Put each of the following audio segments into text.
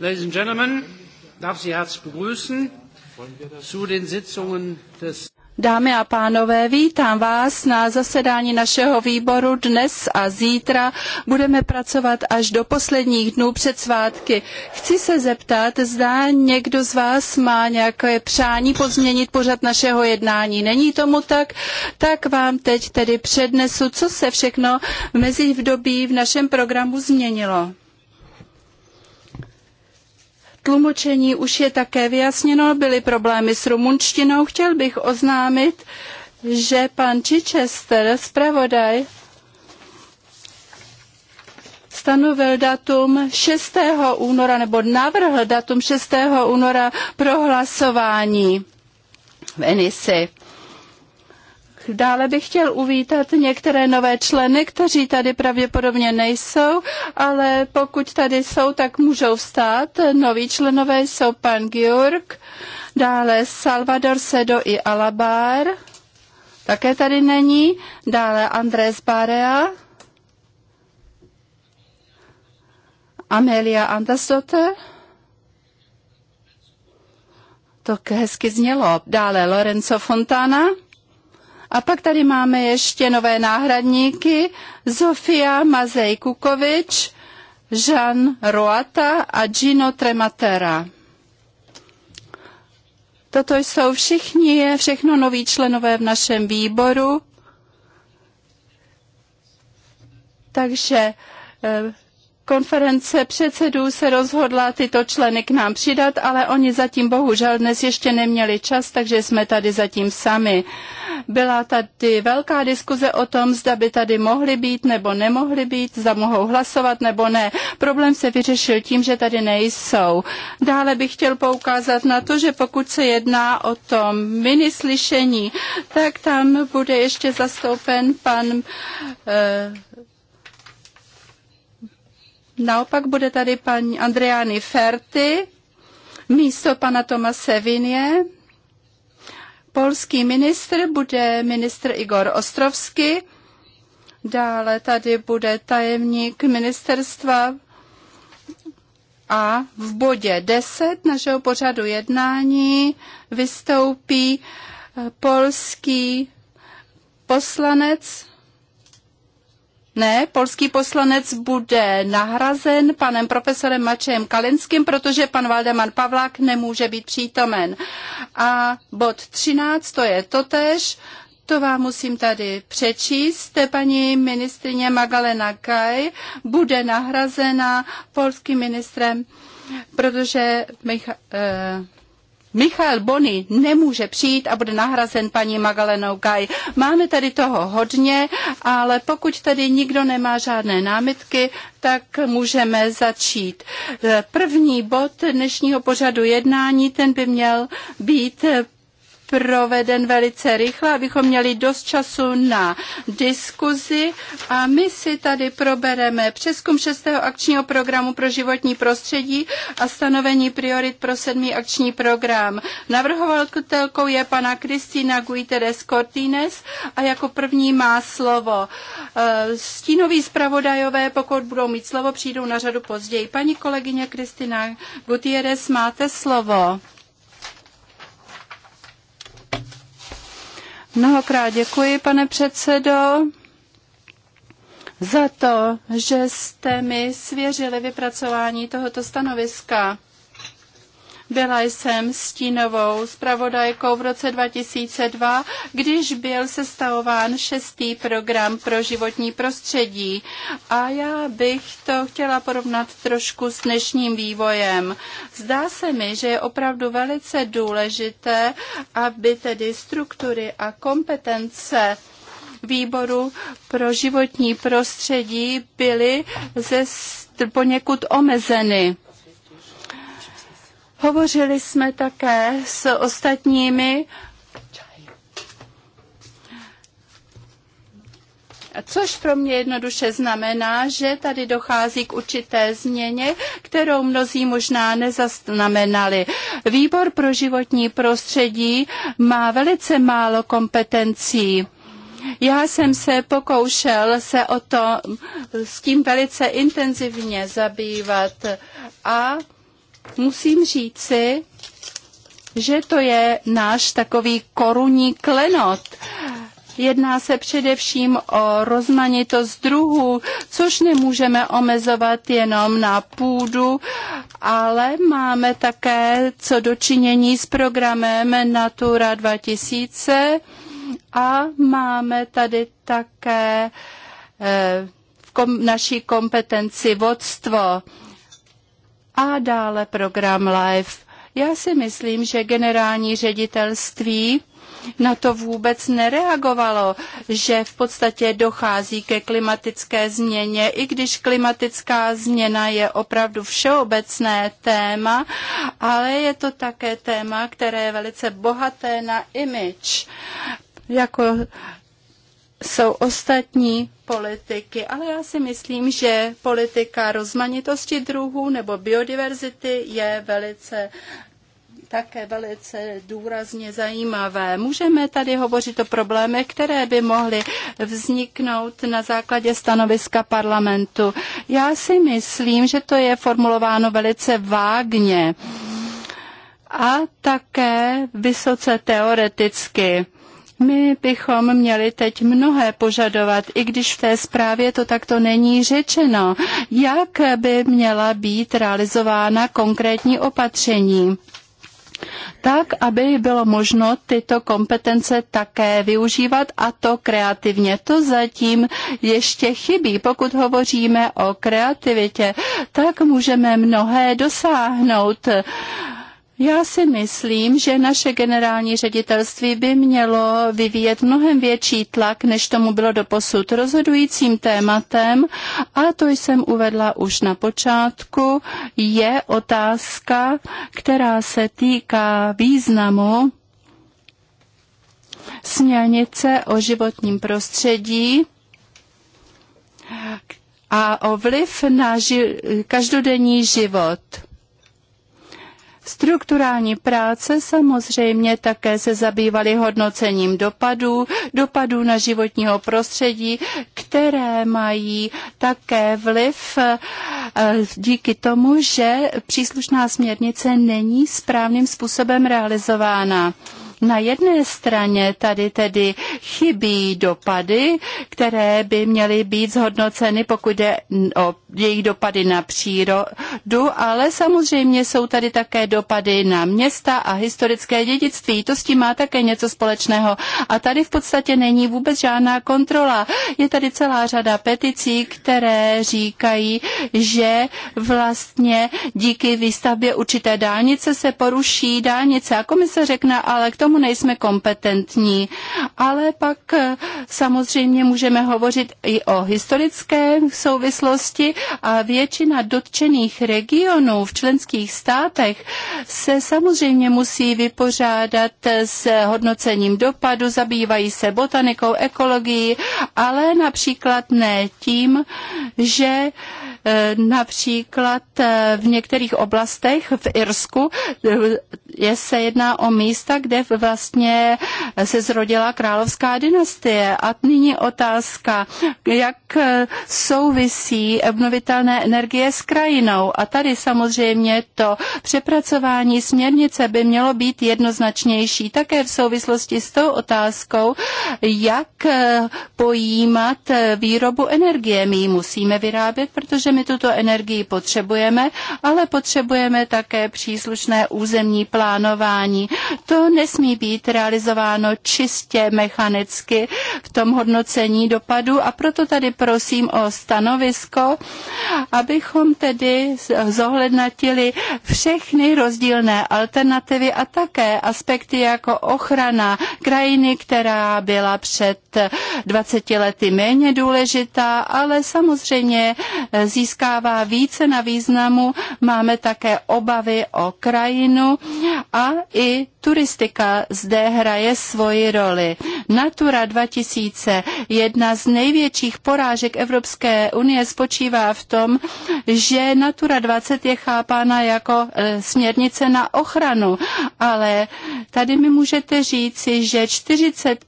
Ladies and Gentlemen, darf Sie herzlich begrüßen zu den Sitzungen des Dámy a pánové, vítám vás na zasedání našeho výboru dnes a zítra. Budeme pracovat až do posledních dnů před svátky. Chci se zeptat, zda někdo z vás má nějaké přání pozměnit pořad našeho jednání. Není tomu tak? Tak vám teď tedy přednesu, co se všechno v mezidobí v našem programu změnilo. Tlumočení už je také vyjasněno, byly problémy s rumunštinou. Chtěl bych oznámit, že pan Chichester, zpravodaj, stanovil datum 6. února nebo navrhl datum 6. února pro hlasování v Enisi. Dále bych chtěl uvítat některé nové členy, kteří tady pravděpodobně nejsou, ale pokud tady jsou, tak můžou vstát. Noví členové jsou pan Georg, dále Salvador Sedo i Alabar, také tady není, dále Andrés Barea, Amelia Andersdotter, to hezky znělo. Dále Lorenzo Fontana, a pak tady máme ještě nové náhradníky Zofia Mazej Kukovič, Jean Roata a Gino Trematera. Toto jsou všichni, všechno noví členové v našem výboru. Takže eh, Konference předsedů se rozhodla tyto členy k nám přidat, ale oni zatím bohužel dnes ještě neměli čas, takže jsme tady zatím sami. Byla tady velká diskuze o tom, zda by tady mohli být nebo nemohli být, zda mohou hlasovat nebo ne. Problém se vyřešil tím, že tady nejsou. Dále bych chtěl poukázat na to, že pokud se jedná o tom minislyšení, tak tam bude ještě zastoupen pan eh, Naopak bude tady paní Andriány Ferty, místo pana Toma Sevinie. Polský ministr bude ministr Igor Ostrovsky. Dále tady bude tajemník ministerstva a v bodě 10 našeho pořadu jednání vystoupí polský poslanec ne, polský poslanec bude nahrazen panem profesorem Mačem Kalinským, protože pan Valdemar Pavlák nemůže být přítomen. A bod 13, to je totež, to vám musím tady přečíst. Paní ministrině Magalena Kaj bude nahrazena polským ministrem, protože Michal... eh, Michal Bony nemůže přijít a bude nahrazen paní Magalenou Gaj. Máme tady toho hodně, ale pokud tady nikdo nemá žádné námitky, tak můžeme začít. První bod dnešního pořadu jednání, ten by měl být proveden velice rychle, abychom měli dost času na diskuzi a my si tady probereme přeskum 6. akčního programu pro životní prostředí a stanovení priorit pro 7. akční program. Navrhovatelkou je pana Kristýna Guiteres Cortines a jako první má slovo. Eh, stínoví zpravodajové, pokud budou mít slovo, přijdou na řadu později. Paní kolegyně Kristina Gutierrez, máte slovo. Mnohokrát děkuji, pane předsedo, za to, že jste mi svěřili vypracování tohoto stanoviska. Byla jsem stínovou zpravodajkou v roce 2002, když byl sestavován šestý program pro životní prostředí. A já bych to chtěla porovnat trošku s dnešním vývojem. Zdá se mi, že je opravdu velice důležité, aby tedy struktury a kompetence výboru pro životní prostředí byly ze poněkud omezeny. Hovořili jsme také s ostatními Což pro mě jednoduše znamená, že tady dochází k určité změně, kterou mnozí možná nezaznamenali. Výbor pro životní prostředí má velice málo kompetencí. Já jsem se pokoušel se o to s tím velice intenzivně zabývat a musím říci, že to je náš takový korunní klenot. Jedná se především o rozmanitost druhů, což nemůžeme omezovat jenom na půdu, ale máme také co dočinění s programem Natura 2000 a máme tady také eh, v kom, naší kompetenci vodstvo a dále program LIFE. Já si myslím, že generální ředitelství na to vůbec nereagovalo, že v podstatě dochází ke klimatické změně, i když klimatická změna je opravdu všeobecné téma, ale je to také téma, které je velice bohaté na image jako jsou ostatní politiky, ale já si myslím, že politika rozmanitosti druhů nebo biodiverzity je velice také velice důrazně zajímavé. Můžeme tady hovořit o problémech, které by mohly vzniknout na základě stanoviska parlamentu. Já si myslím, že to je formulováno velice vágně a také vysoce teoreticky. My bychom měli teď mnohé požadovat, i když v té zprávě to takto není řečeno. Jak by měla být realizována konkrétní opatření? tak, aby bylo možno tyto kompetence také využívat a to kreativně. To zatím ještě chybí. Pokud hovoříme o kreativitě, tak můžeme mnohé dosáhnout. Já si myslím, že naše generální ředitelství by mělo vyvíjet mnohem větší tlak, než tomu bylo doposud rozhodujícím tématem, a to jsem uvedla už na počátku, je otázka, která se týká významu směrnice o životním prostředí, a o vliv na ži- každodenní život. Strukturální práce samozřejmě také se zabývaly hodnocením dopadů, dopadů na životního prostředí, které mají také vliv eh, díky tomu, že příslušná směrnice není správným způsobem realizována. Na jedné straně tady tedy chybí dopady, které by měly být zhodnoceny, pokud jde o jejich dopady na přírodu, ale samozřejmě jsou tady také dopady na města a historické dědictví. To s tím má také něco společného. A tady v podstatě není vůbec žádná kontrola. Je tady celá řada peticí, které říkají, že vlastně díky výstavbě určité dálnice se poruší dálnice. A komise řekne, ale k tomu tomu nejsme kompetentní. Ale pak eh, samozřejmě můžeme hovořit i o historické souvislosti a většina dotčených regionů v členských státech se samozřejmě musí vypořádat s hodnocením dopadu, zabývají se botanikou, ekologií, ale například ne tím, že Eh, například eh, v některých oblastech v Irsku eh, je, se jedná o místa, kde vlastně se zrodila královská dynastie. A nyní otázka, jak souvisí obnovitelné energie s krajinou. A tady samozřejmě to přepracování směrnice by mělo být jednoznačnější. Také v souvislosti s tou otázkou, jak pojímat výrobu energie. My ji musíme vyrábět, protože Sice my tuto energii potřebujeme, ale potřebujeme také příslušné územní plánování. To nesmí být realizováno čistě mechanicky v tom hodnocení dopadu a proto tady prosím o stanovisko, abychom tedy zohlednatili všechny rozdílné alternativy a také aspekty jako ochrana krajiny, která byla před 20 lety méně důležitá, ale samozřejmě z získává více na významu, máme také obavy o krajinu a i turistika zde hraje svoji roli. Natura 2000, jedna z největších porážek Evropské unie spočívá v tom, že Natura 20 je chápána jako e, směrnice na ochranu, ale tady mi můžete říci, že 40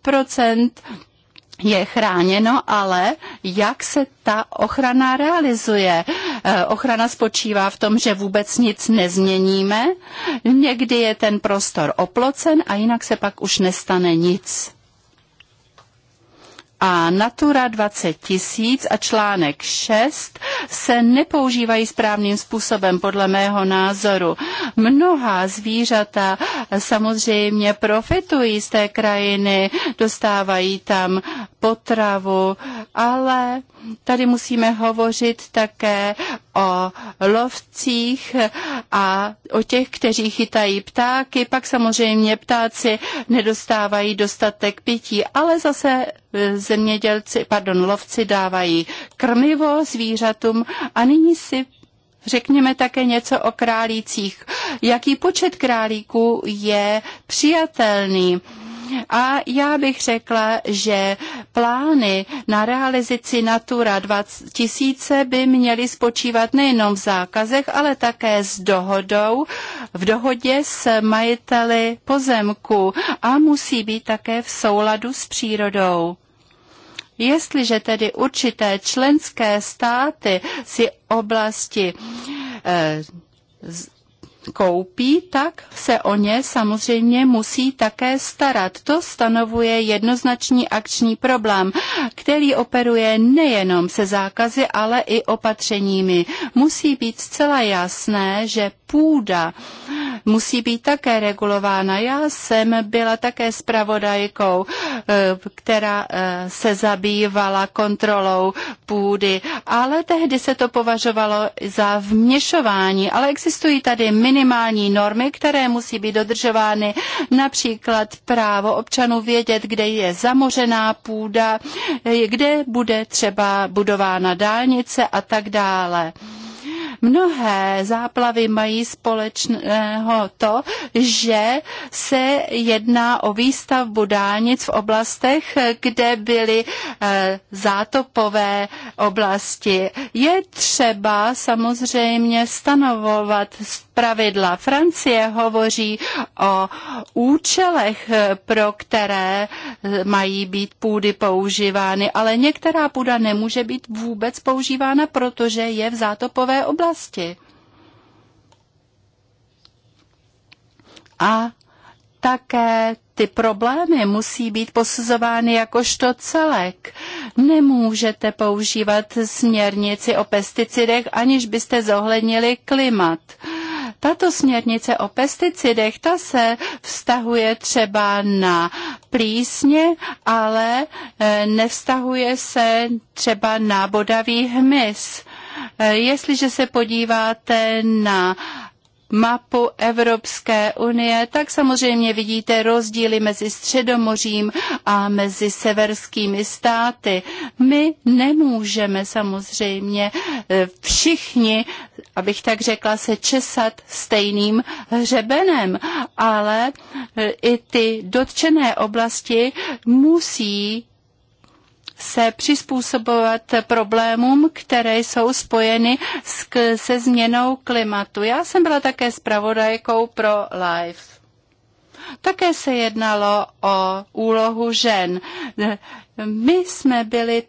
je chráněno, ale jak se ta ochrana realizuje? Eh, ochrana spočívá v tom, že vůbec nic nezměníme, někdy je ten prostor oplocen a jinak se pak už nestane nic a Natura 20 tisíc a článek 6 se nepoužívají správným způsobem, podle mého názoru. Mnoha zvířata samozřejmě profitují z té krajiny, dostávají tam potravu, ale tady musíme hovořit také o lovcích a o těch, kteří chytají ptáky. Pak samozřejmě ptáci nedostávají dostatek pití, ale zase e, zemědělci, pardon, lovci dávají krmivo zvířatům a nyní si Řekněme také něco o králících. Jaký počet králíků je přijatelný? A já bych řekla, že plány na realizaci Natura 2000 by měly spočívat nejenom v zákazech, ale také s dohodou, v dohodě s majiteli pozemku a musí být také v souladu s přírodou. Jestliže tedy určité členské státy si oblasti eh, koupí, tak se o ně samozřejmě musí také starat. To stanovuje jednoznačný akční problém, který operuje nejenom se zákazy, ale i opatřeními. Musí být zcela jasné, že půda musí být také regulována. Já jsem byla také spravodajkou, eh, která eh, se zabývala kontrolou půdy, ale tehdy se to považovalo za vměšování, ale existují tady min minimální normy, které musí být dodržovány, například právo občanů vědět, kde je zamořená půda, kde bude třeba budována dálnice a tak dále. Mnohé záplavy mají společného to, že se jedná o výstavbu dálnic v oblastech, kde byly eh, zátopové oblasti. Je třeba samozřejmě stanovovat pravidla. Francie hovoří o účelech, pro které eh, mají být půdy používány, ale některá půda nemůže být vůbec používána, protože je v zátopové oblasti oblasti. A také ty problémy musí být posuzovány jakožto celek. Nemůžete používat směrnici o pesticidech, aniž byste zohlednili klimat. Tato směrnice o pesticidech, ta se vztahuje třeba na plísně, ale eh, nevztahuje se třeba na bodavý hmyz. Eh, jestliže se podíváte na mapu Evropské unie, tak samozřejmě vidíte rozdíly mezi Středomořím a mezi severskými státy. My nemůžeme samozřejmě eh, všichni, abych tak řekla, se česat stejným hřebenem, ale eh, i ty dotčené oblasti musí se přizpůsobovat problémům, které jsou spojeny s, se změnou klimatu. Já jsem byla také zpravodajkou pro LIFE. Také se jednalo o úlohu žen. My jsme byli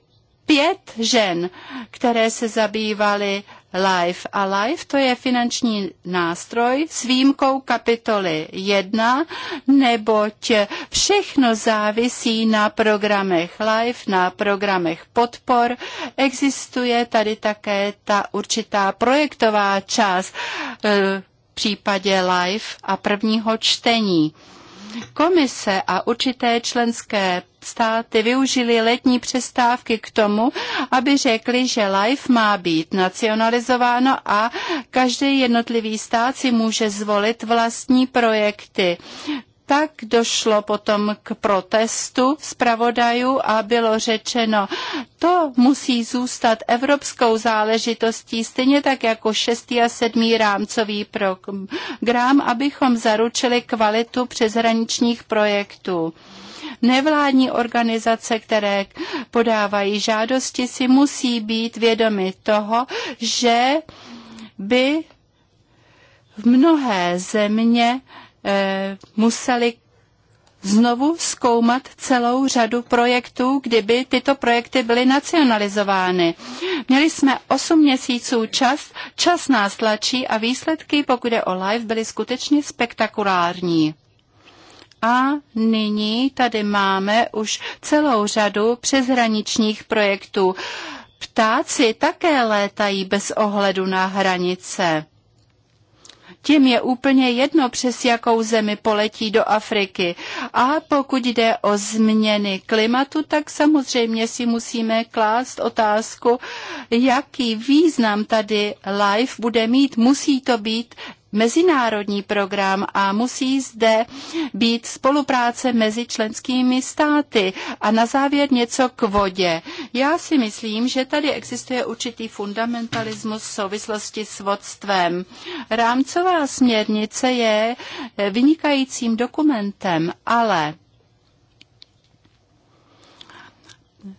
pět žen, které se zabývaly LIFE. A LIFE to je finanční nástroj s výjimkou kapitoly 1, neboť všechno závisí na programech LIFE, na programech podpor. Existuje tady také ta určitá projektová část eh, v případě LIFE a prvního čtení. Komise a určité členské státy využili letní přestávky k tomu, aby řekli, že LIFE má být nacionalizováno a každý jednotlivý stát si může zvolit vlastní projekty tak došlo potom k protestu zpravodajů a bylo řečeno, to musí zůstat evropskou záležitostí, stejně tak jako šestý a sedmý rámcový program, abychom zaručili kvalitu přeshraničních projektů nevládní organizace, které podávají žádosti, si musí být vědomi toho, že by v mnohé země Eh, museli znovu zkoumat celou řadu projektů, kdyby tyto projekty byly nacionalizovány. Měli jsme 8 měsíců čas, čas nás tlačí a výsledky, pokud je o live, byly skutečně spektakulární. A nyní tady máme už celou řadu přeshraničních projektů. Ptáci také létají bez ohledu na hranice. Tím je úplně jedno, přes jakou zemi poletí do Afriky. A pokud jde o změny klimatu, tak samozřejmě si musíme klást otázku, jaký význam tady life bude mít. Musí to být mezinárodní program a musí zde být spolupráce mezi členskými státy. A na závěr něco k vodě. Já si myslím, že tady existuje určitý fundamentalismus v souvislosti s vodstvem. Rámcová směrnice je vynikajícím dokumentem, ale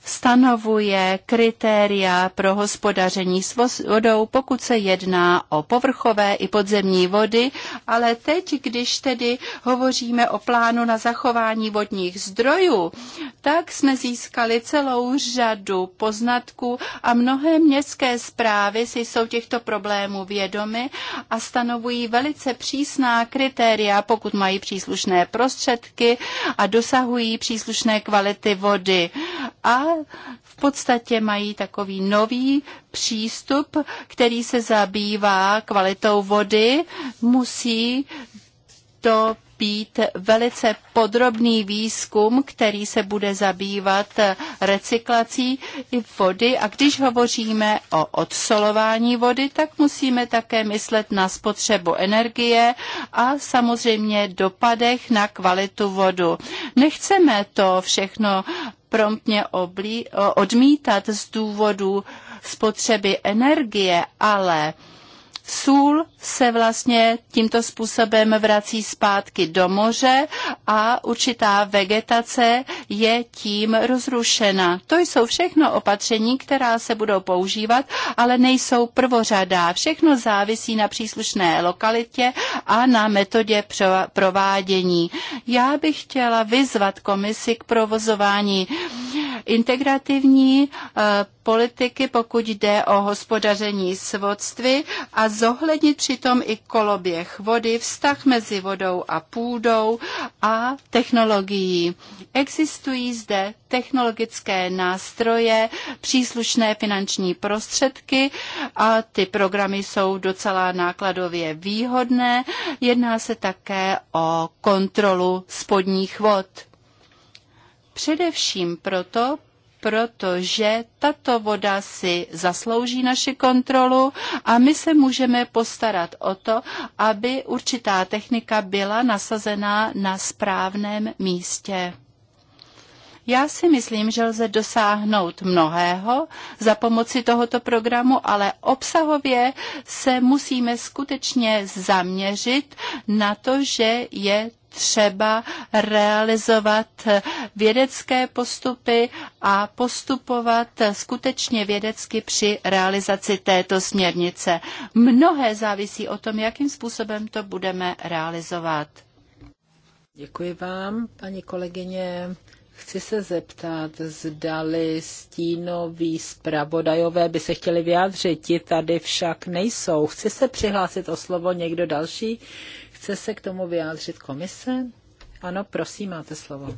stanovuje kritéria pro hospodaření s vodou, pokud se jedná o povrchové i podzemní vody, ale teď, když tedy hovoříme o plánu na zachování vodních zdrojů, tak jsme získali celou řadu poznatků a mnohé městské zprávy si jsou těchto problémů vědomy a stanovují velice přísná kritéria, pokud mají příslušné prostředky a dosahují příslušné kvality vody. A v podstatě mají takový nový přístup, který se zabývá kvalitou vody, musí to být velice podrobný výzkum, který se bude zabývat recyklací vody. A když hovoříme o odsolování vody, tak musíme také myslet na spotřebu energie a samozřejmě dopadech na kvalitu vodu. Nechceme to všechno promptně odmítat z důvodu spotřeby energie, ale Sůl se vlastně tímto způsobem vrací zpátky do moře a určitá vegetace je tím rozrušena. To jsou všechno opatření, která se budou používat, ale nejsou prvořadá. Všechno závisí na příslušné lokalitě a na metodě provádění. Já bych chtěla vyzvat komisi k provozování integrativní eh, politiky, pokud jde o hospodaření s vodstvy a zohlednit přitom i koloběh vody, vztah mezi vodou a půdou a technologií. Existují zde technologické nástroje, příslušné finanční prostředky a ty programy jsou docela nákladově výhodné. Jedná se také o kontrolu spodních vod. Především proto, protože tato voda si zaslouží naši kontrolu a my se můžeme postarat o to, aby určitá technika byla nasazená na správném místě. Já si myslím, že lze dosáhnout mnohého za pomoci tohoto programu, ale obsahově se musíme skutečně zaměřit na to, že je třeba realizovat vědecké postupy a postupovat skutečně vědecky při realizaci této směrnice. Mnohé závisí o tom, jakým způsobem to budeme realizovat. Děkuji vám, paní kolegyně. Chci se zeptat, zdali stínoví zpravodajové by se chtěli vyjádřit, ti tady však nejsou. Chci se přihlásit o slovo někdo další? Chce se k tomu vyjádřit komise? Ano, prosím, máte slovo.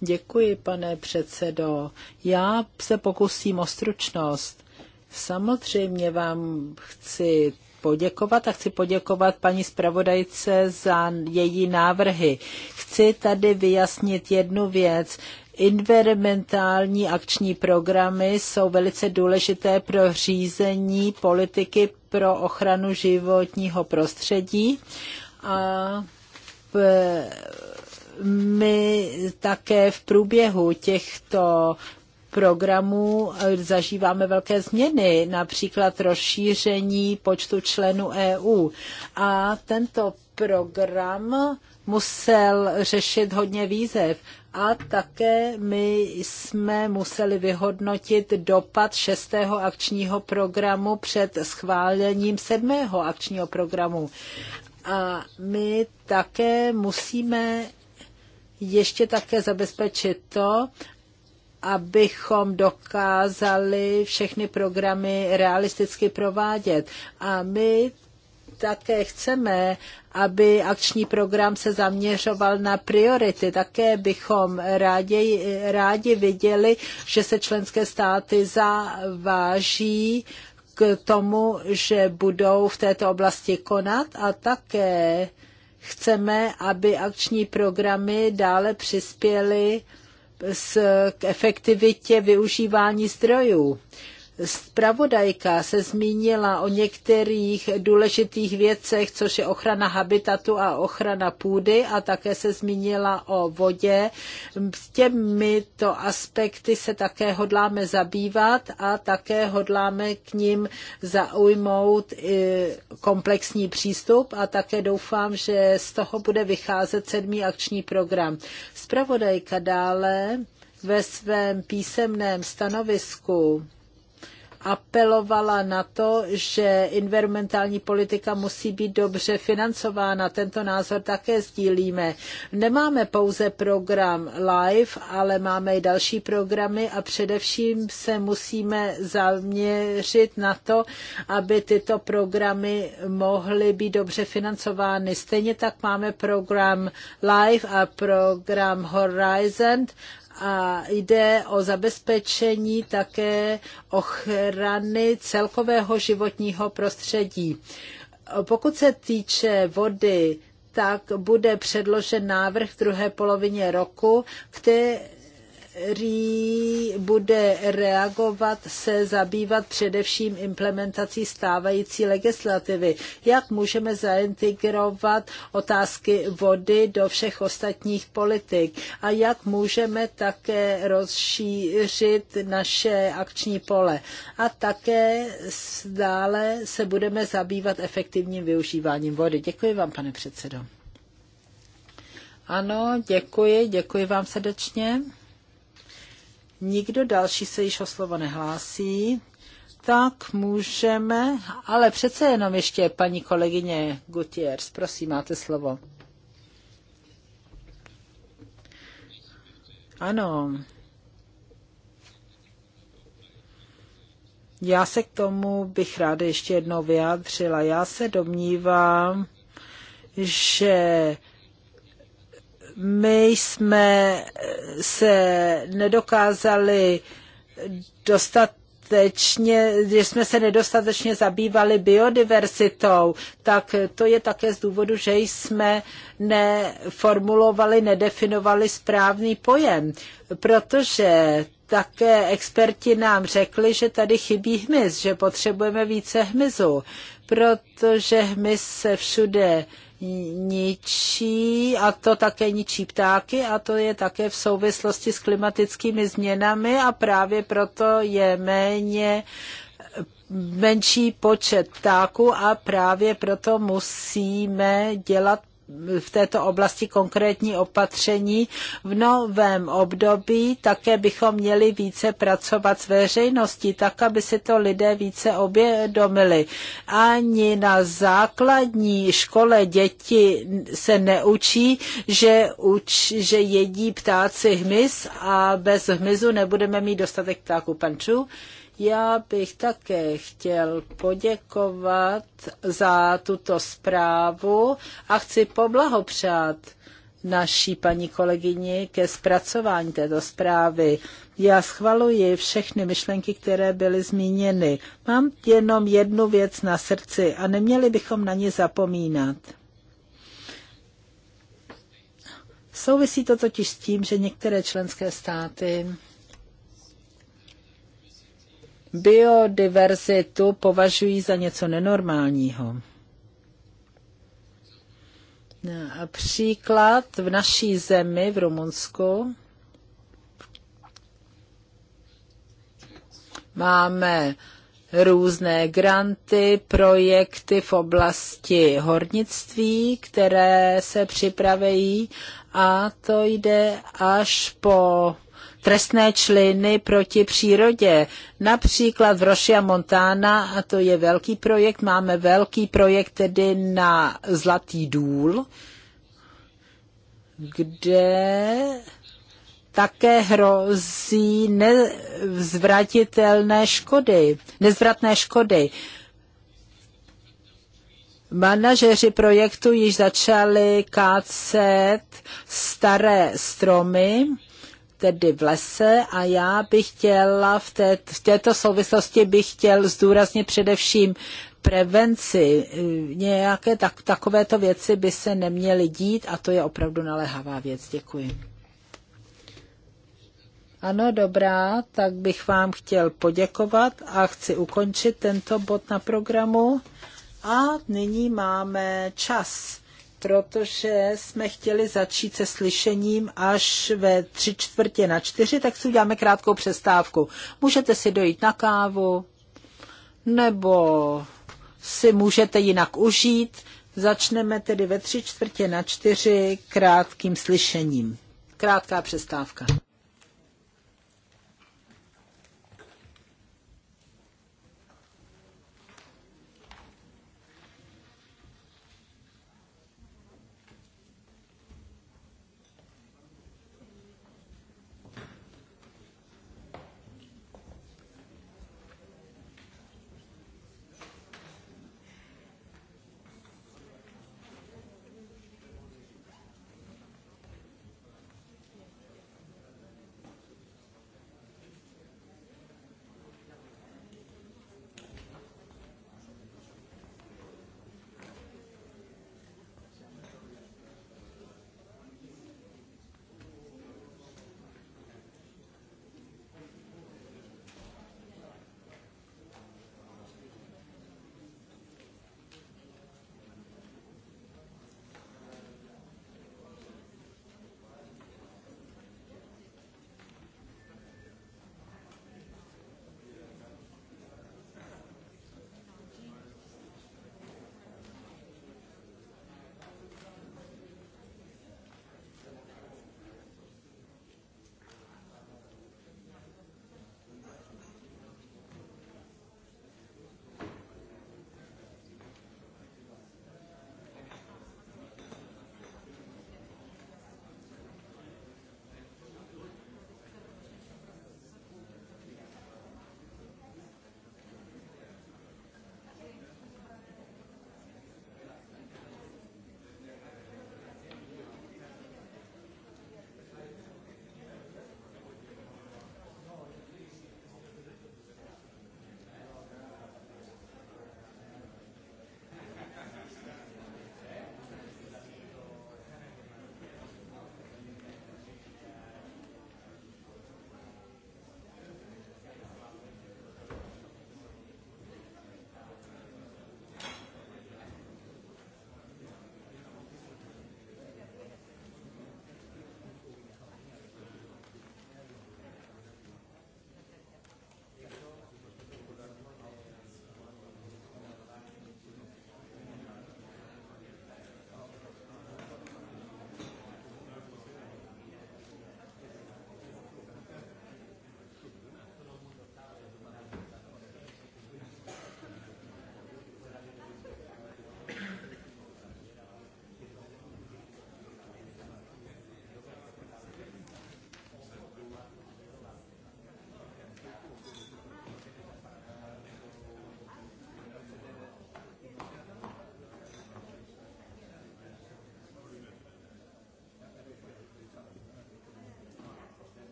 Děkuji, pane předsedo. Já se pokusím o stručnost. Samozřejmě vám chci poděkovat a chci poděkovat paní zpravodajce za její návrhy. Chci tady vyjasnit jednu věc. Environmentální akční programy jsou velice důležité pro řízení politiky pro ochranu životního prostředí a my také v průběhu těchto programů zažíváme velké změny, například rozšíření počtu členů EU. A tento program musel řešit hodně výzev a také my jsme museli vyhodnotit dopad šestého akčního programu před schválením sedmého akčního programu. A my také musíme ještě také zabezpečit to, abychom dokázali všechny programy realisticky provádět. A my také chceme, aby akční program se zaměřoval na priority. Také bychom rádi, rádi viděli, že se členské státy zaváží k tomu, že budou v této oblasti konat a také chceme, aby akční programy dále přispěly k efektivitě využívání zdrojů. Spravodajka se zmínila o některých důležitých věcech, což je ochrana habitatu a ochrana půdy a také se zmínila o vodě. S to aspekty se také hodláme zabývat a také hodláme k ním zaujmout e, komplexní přístup a také doufám, že z toho bude vycházet sedmý akční program. Spravodajka dále ve svém písemném stanovisku apelovala na to, že environmentální politika musí být dobře financována. Tento názor také sdílíme. Nemáme pouze program LIFE, ale máme i další programy a především se musíme zaměřit na to, aby tyto programy mohly být dobře financovány. Stejně tak máme program LIFE a program Horizon a jde o zabezpečení také ochrany celkového životního prostředí. Pokud se týče vody, tak bude předložen návrh v druhé polovině roku, který který bude reagovat, se zabývat především implementací stávající legislativy. Jak můžeme zaintegrovat otázky vody do všech ostatních politik a jak můžeme také rozšířit naše akční pole. A také dále se budeme zabývat efektivním využíváním vody. Děkuji vám, pane předsedo. Ano, děkuji, děkuji vám srdečně nikdo další se již o slovo nehlásí, tak můžeme, ale přece jenom ještě paní kolegyně Gutiers, prosím, máte slovo. Ano. Já se k tomu bych ráda ještě jednou vyjádřila. Já se domnívám, že my jsme eh, se nedokázali dostat dostatečně, že jsme se nedostatečně zabývali biodiverzitou, tak to je také z důvodu, že jsme neformulovali, nedefinovali správný pojem, protože také experti nám řekli, že tady chybí hmyz, že potřebujeme více hmyzu, protože hmyz se všude ničí a to také ničí ptáky a to je také v souvislosti s klimatickými změnami a právě proto je méně menší počet ptáků a právě proto musíme dělat v této oblasti konkrétní opatření. V novém období také bychom měli více pracovat s veřejností, tak, aby si to lidé více obědomili. Ani na základní škole děti se neučí, že, uč, že jedí ptáci hmyz a bez hmyzu nebudeme mít dostatek ptáků pančů. Já bych také chtěl poděkovat za tuto zprávu a chci poblahopřát naší paní kolegyni ke zpracování této zprávy. Já schvaluji všechny myšlenky, které byly zmíněny. Mám jenom jednu věc na srdci a neměli bychom na ně zapomínat. Souvisí to totiž s tím, že některé členské státy biodiverzitu považují za něco nenormálního. No, příklad v naší zemi, v Rumunsku, máme různé granty, projekty v oblasti hornictví, které se připravejí a to jde až po trestné členy proti přírodě. Například v Rošia Montana, a to je velký projekt, máme velký projekt tedy na Zlatý důl, kde také hrozí nezvratitelné škody, nezvratné škody. Manažeři projektu již začali kácet staré stromy tedy v lese a já bych chtěla v, té, v této souvislosti bych chtěl zdůraznit především prevenci. Nějaké tak, takovéto věci by se neměly dít a to je opravdu naléhavá věc. Děkuji. Ano, dobrá, tak bych vám chtěl poděkovat a chci ukončit tento bod na programu. A nyní máme čas protože jsme chtěli začít se slyšením až ve tři čtvrtě na čtyři, tak si uděláme krátkou přestávku. Můžete si dojít na kávu, nebo si můžete jinak užít. Začneme tedy ve tři čtvrtě na čtyři krátkým slyšením. Krátká přestávka.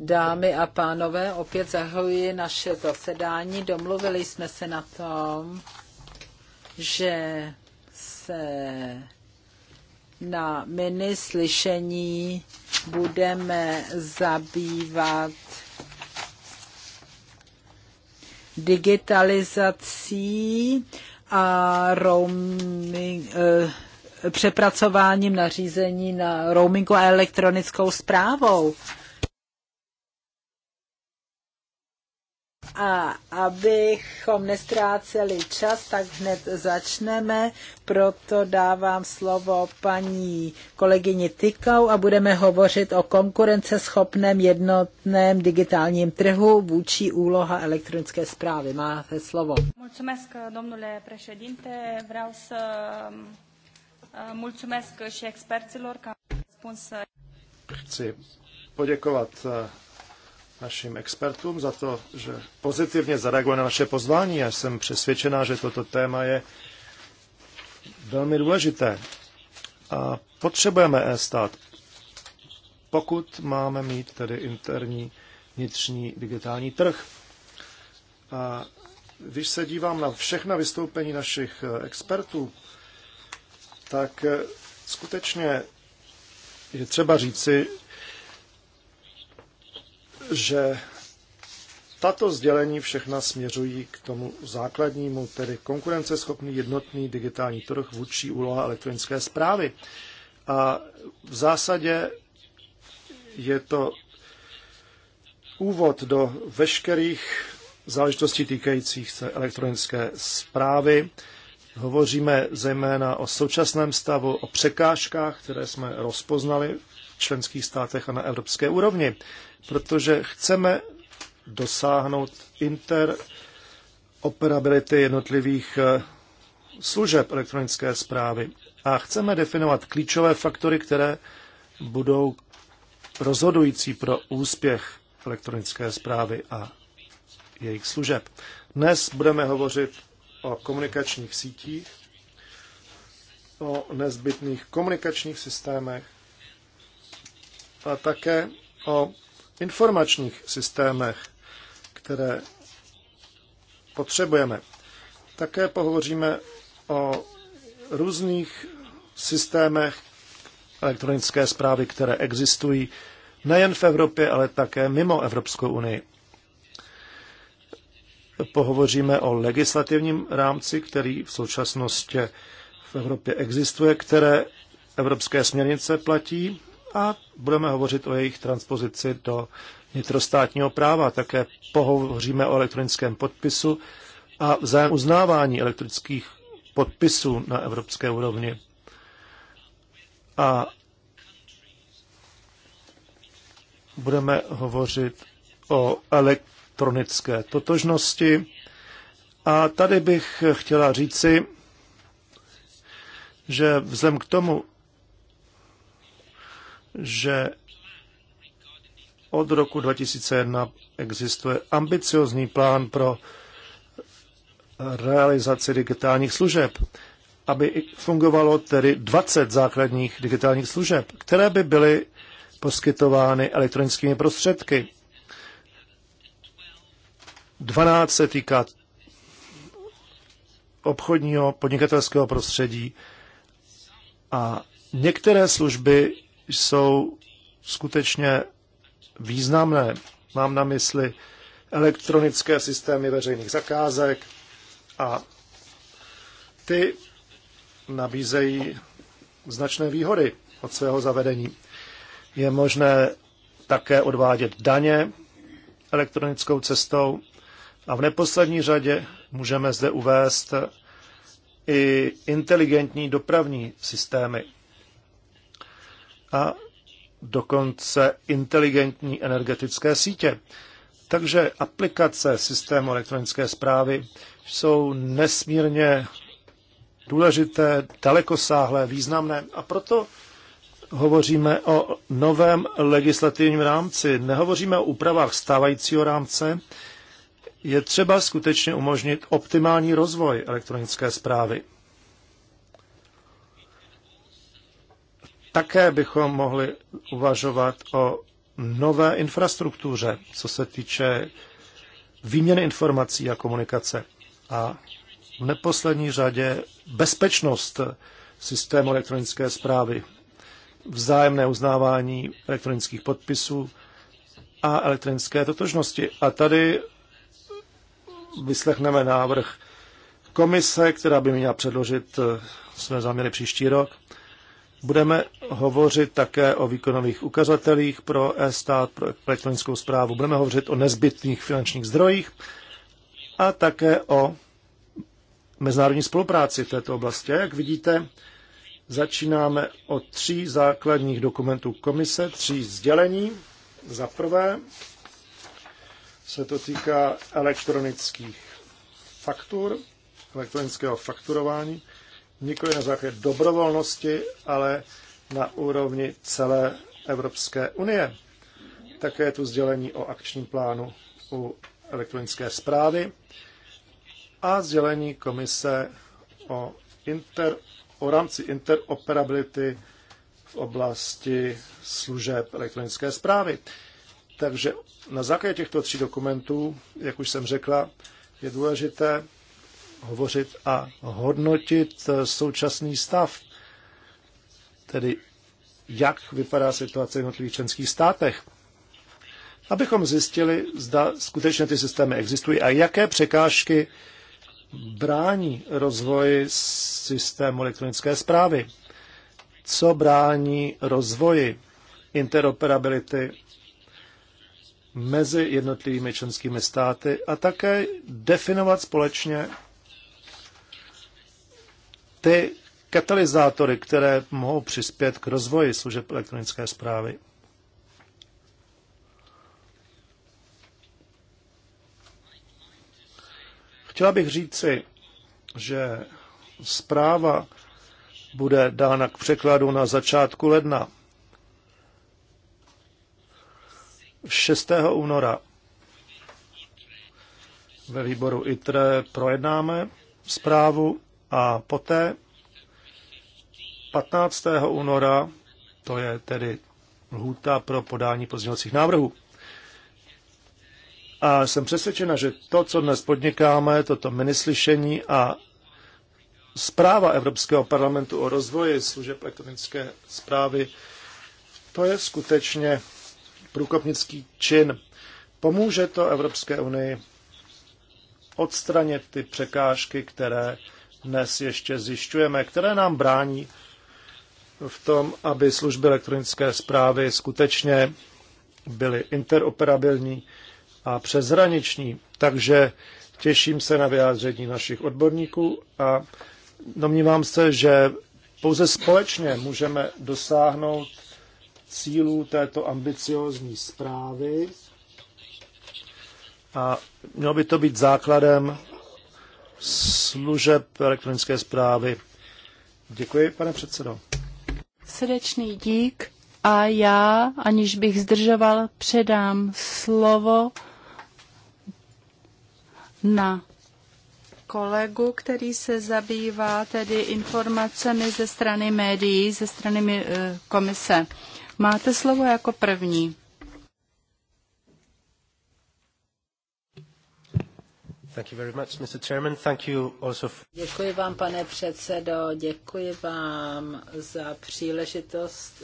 Dámy a pánové, opět zahajuji naše zasedání. Domluvili jsme se na tom, že se na mini slyšení budeme zabývat digitalizací a roaming, eh, přepracováním nařízení na roamingu a elektronickou zprávou. A abychom nestráceli čas, tak hned začneme. Proto dávám slovo paní kolegyni Tykau a budeme hovořit o konkurenceschopném jednotném digitálním trhu vůči úloha elektronické zprávy. Máte slovo. Mulțumesc, domnule președinte. Vreau să Eh, mulțumesc și experților că răspuns. Eh, Chci poděkovat eh, našim expertům za to, že pozitivně zareagovali na naše pozvání. Já jsem přesvědčená, že toto téma je velmi důležité. A potřebujeme e-stát, pokud máme mít tedy interní vnitřní digitální trh. A když se dívám na všechna vystoupení našich expertů, tak eh, skutečně je třeba říci, že tato sdělení všechna směřují k tomu základnímu, tedy konkurenceschopný jednotný digitální trh, vůči úloha elektronické zprávy. A v zásadě je to úvod do veškerých záležitostí týkajících se elektronické zprávy Hovoříme zejména o současném stavu, o překážkách, které jsme rozpoznali v členských státech a na evropské úrovni, protože chceme dosáhnout interoperability jednotlivých eh, služeb elektronické zprávy a chceme definovat klíčové faktory, které budou rozhodující pro úspěch elektronické zprávy a jejich služeb. Dnes budeme hovořit o komunikačních sítích, o nezbytných komunikačních systémech a také o informačních systémech, které potřebujeme. Také pohovoříme o různých systémech elektronické zprávy, které existují nejen v Evropě, ale také mimo Evropskou unii pohovoříme o legislativním rámci, který v současnosti v Evropě existuje, které evropské směrnice platí a budeme hovořit o jejich transpozici do vnitrostátního práva. Také pohovoříme o elektronickém podpisu a vzájem uznávání elektrických podpisů na evropské úrovni. A budeme hovořit o elektronickém tronické totožnosti. A tady bych chtěla říci, že vzhledem k tomu, že od roku 2001 existuje ambiciozní plán pro realizaci digitálních služeb, aby fungovalo tedy 20 základních digitálních služeb, které by byly poskytovány elektronickými prostředky. 12 se týká obchodního podnikatelského prostředí a některé služby jsou skutečně významné. Mám na mysli elektronické systémy veřejných zakázek a ty nabízejí značné výhody od svého zavedení. Je možné také odvádět daně elektronickou cestou a v neposlední řadě můžeme zde uvést i inteligentní dopravní systémy a dokonce inteligentní energetické sítě. Takže aplikace systému elektronické zprávy jsou nesmírně důležité, dalekosáhlé, významné a proto hovoříme o novém legislativním rámci. Nehovoříme o úpravách stávajícího rámce, je třeba skutečně umožnit optimální rozvoj elektronické zprávy. Také bychom mohli uvažovat o nové infrastruktuře, co se týče výměny informací a komunikace. A v neposlední řadě bezpečnost systému elektronické zprávy, vzájemné uznávání elektronických podpisů a elektronické totožnosti. A tady vyslechneme návrh komise, která by měla předložit eh, své záměry příští rok. Budeme hovořit také o výkonových ukazatelích pro e-stát, pro elektronickou zprávu. Budeme hovořit o nezbytných finančních zdrojích a také o mezinárodní spolupráci v této oblasti. A jak vidíte, začínáme od tří základních dokumentů komise, tří sdělení. Za prvé, se to týká elektronických faktur, elektronického fakturování, nikoli na základě dobrovolnosti, ale na úrovni celé Evropské unie. Také je tu sdělení o akčním plánu u elektronické zprávy a sdělení komise o, inter, o rámci interoperability v oblasti služeb elektronické zprávy. Takže na základě těchto tří dokumentů, jak už jsem řekla, je důležité hovořit a hodnotit eh, současný stav, tedy jak vypadá situace v jednotlivých členských státech, abychom zjistili, zda skutečně ty systémy existují a jaké překážky brání rozvoji systému elektronické zprávy, co brání rozvoji interoperability mezi jednotlivými členskými státy a také definovat společně ty katalyzátory, které mohou přispět k rozvoji služeb elektronické zprávy. Chtěla bych říci, že zpráva bude dána k překladu na začátku ledna 6. února ve výboru ITRE projednáme zprávu a poté 15. února, to je tedy lhůta pro podání pozměňovacích návrhů. A jsem přesvědčena, že to, co dnes podnikáme, toto minislyšení a zpráva Evropského parlamentu o rozvoji služeb elektronické zprávy, to je skutečně průkopnický čin. Pomůže to Evropské unii odstranit ty překážky, které dnes ještě zjišťujeme, které nám brání v tom, aby služby elektronické zprávy skutečně byly interoperabilní a přezhraniční. Takže těším se na vyjádření našich odborníků a domnívám se, že pouze společně můžeme dosáhnout cílů této ambiciozní zprávy a mělo by to být základem služeb elektronické zprávy. Děkuji, pane předsedo. Srdečný dík a já, aniž bych zdržoval, předám slovo na kolegu, který se zabývá tedy informacemi ze strany médií, ze strany eh, komise. Máte slovo jako první. Děkuji vám, pane předsedo, děkuji vám za příležitost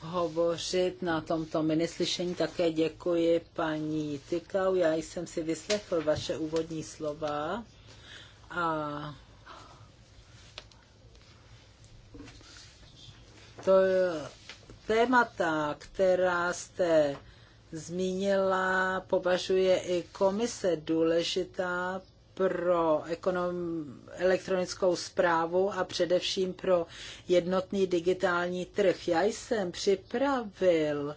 hovořit na tomto minislyšení. Také děkuji paní Tykau. Já jsem si vyslechl vaše úvodní slova a to Témata, která jste zmínila, považuje i komise důležitá pro ekonom, elektronickou zprávu a především pro jednotný digitální trh. Já jsem připravil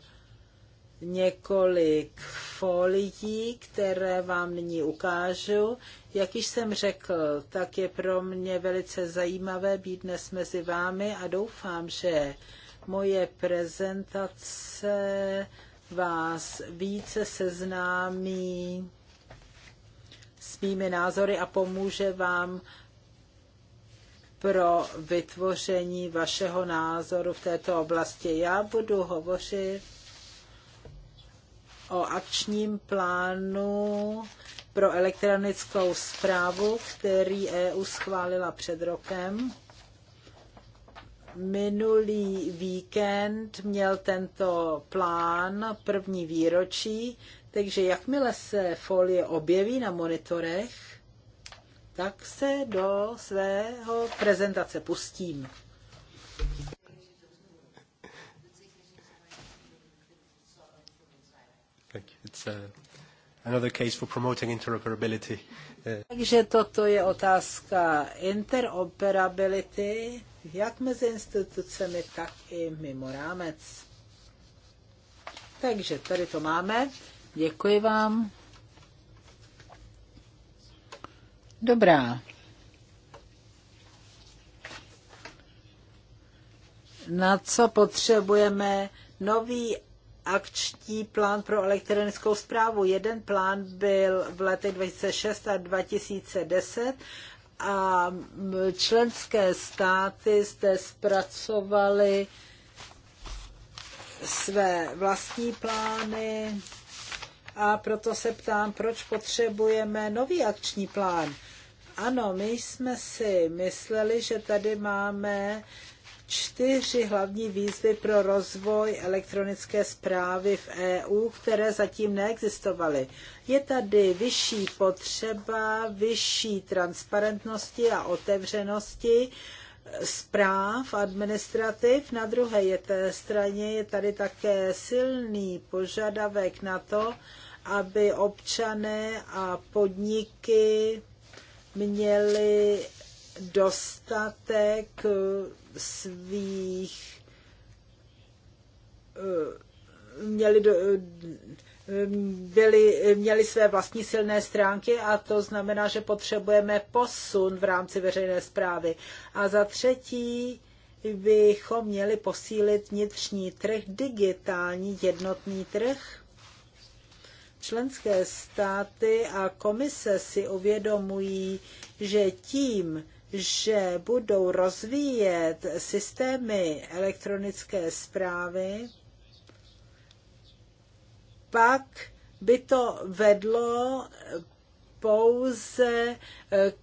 několik folií, které vám nyní ukážu. Jak již jsem řekl, tak je pro mě velice zajímavé být dnes mezi vámi a doufám, že Moje prezentace vás více seznámí s mými názory a pomůže vám pro vytvoření vašeho názoru v této oblasti. Já budu hovořit o akčním plánu pro elektronickou zprávu, který EU schválila před rokem. Minulý víkend měl tento plán první výročí, takže jakmile se folie objeví na monitorech, tak se do svého prezentace pustím. Takže toto je otázka interoperability jak mezi institucemi, tak i mimo rámec. Takže tady to máme. Děkuji vám. Dobrá. Na co potřebujeme nový akční plán pro elektronickou zprávu. Jeden plán byl v letech 2006 a 2010 a členské státy zde zpracovaly své vlastní plány a proto se ptám, proč potřebujeme nový akční plán. Ano, my jsme si mysleli, že tady máme čtyři hlavní výzvy pro rozvoj elektronické zprávy v EU, které zatím neexistovaly. Je tady vyšší potřeba, vyšší transparentnosti a otevřenosti zpráv administrativ. Na druhé je té straně je tady také silný požadavek na to, aby občané a podniky měli dostatek eh, svých eh, měli, do, eh, byli, měli své vlastní silné stránky a to znamená, že potřebujeme posun v rámci veřejné zprávy. A za třetí bychom měli posílit vnitřní trh, digitální jednotný trh. Členské státy a komise si uvědomují, že tím, že budou rozvíjet systémy elektronické zprávy, pak by to vedlo pouze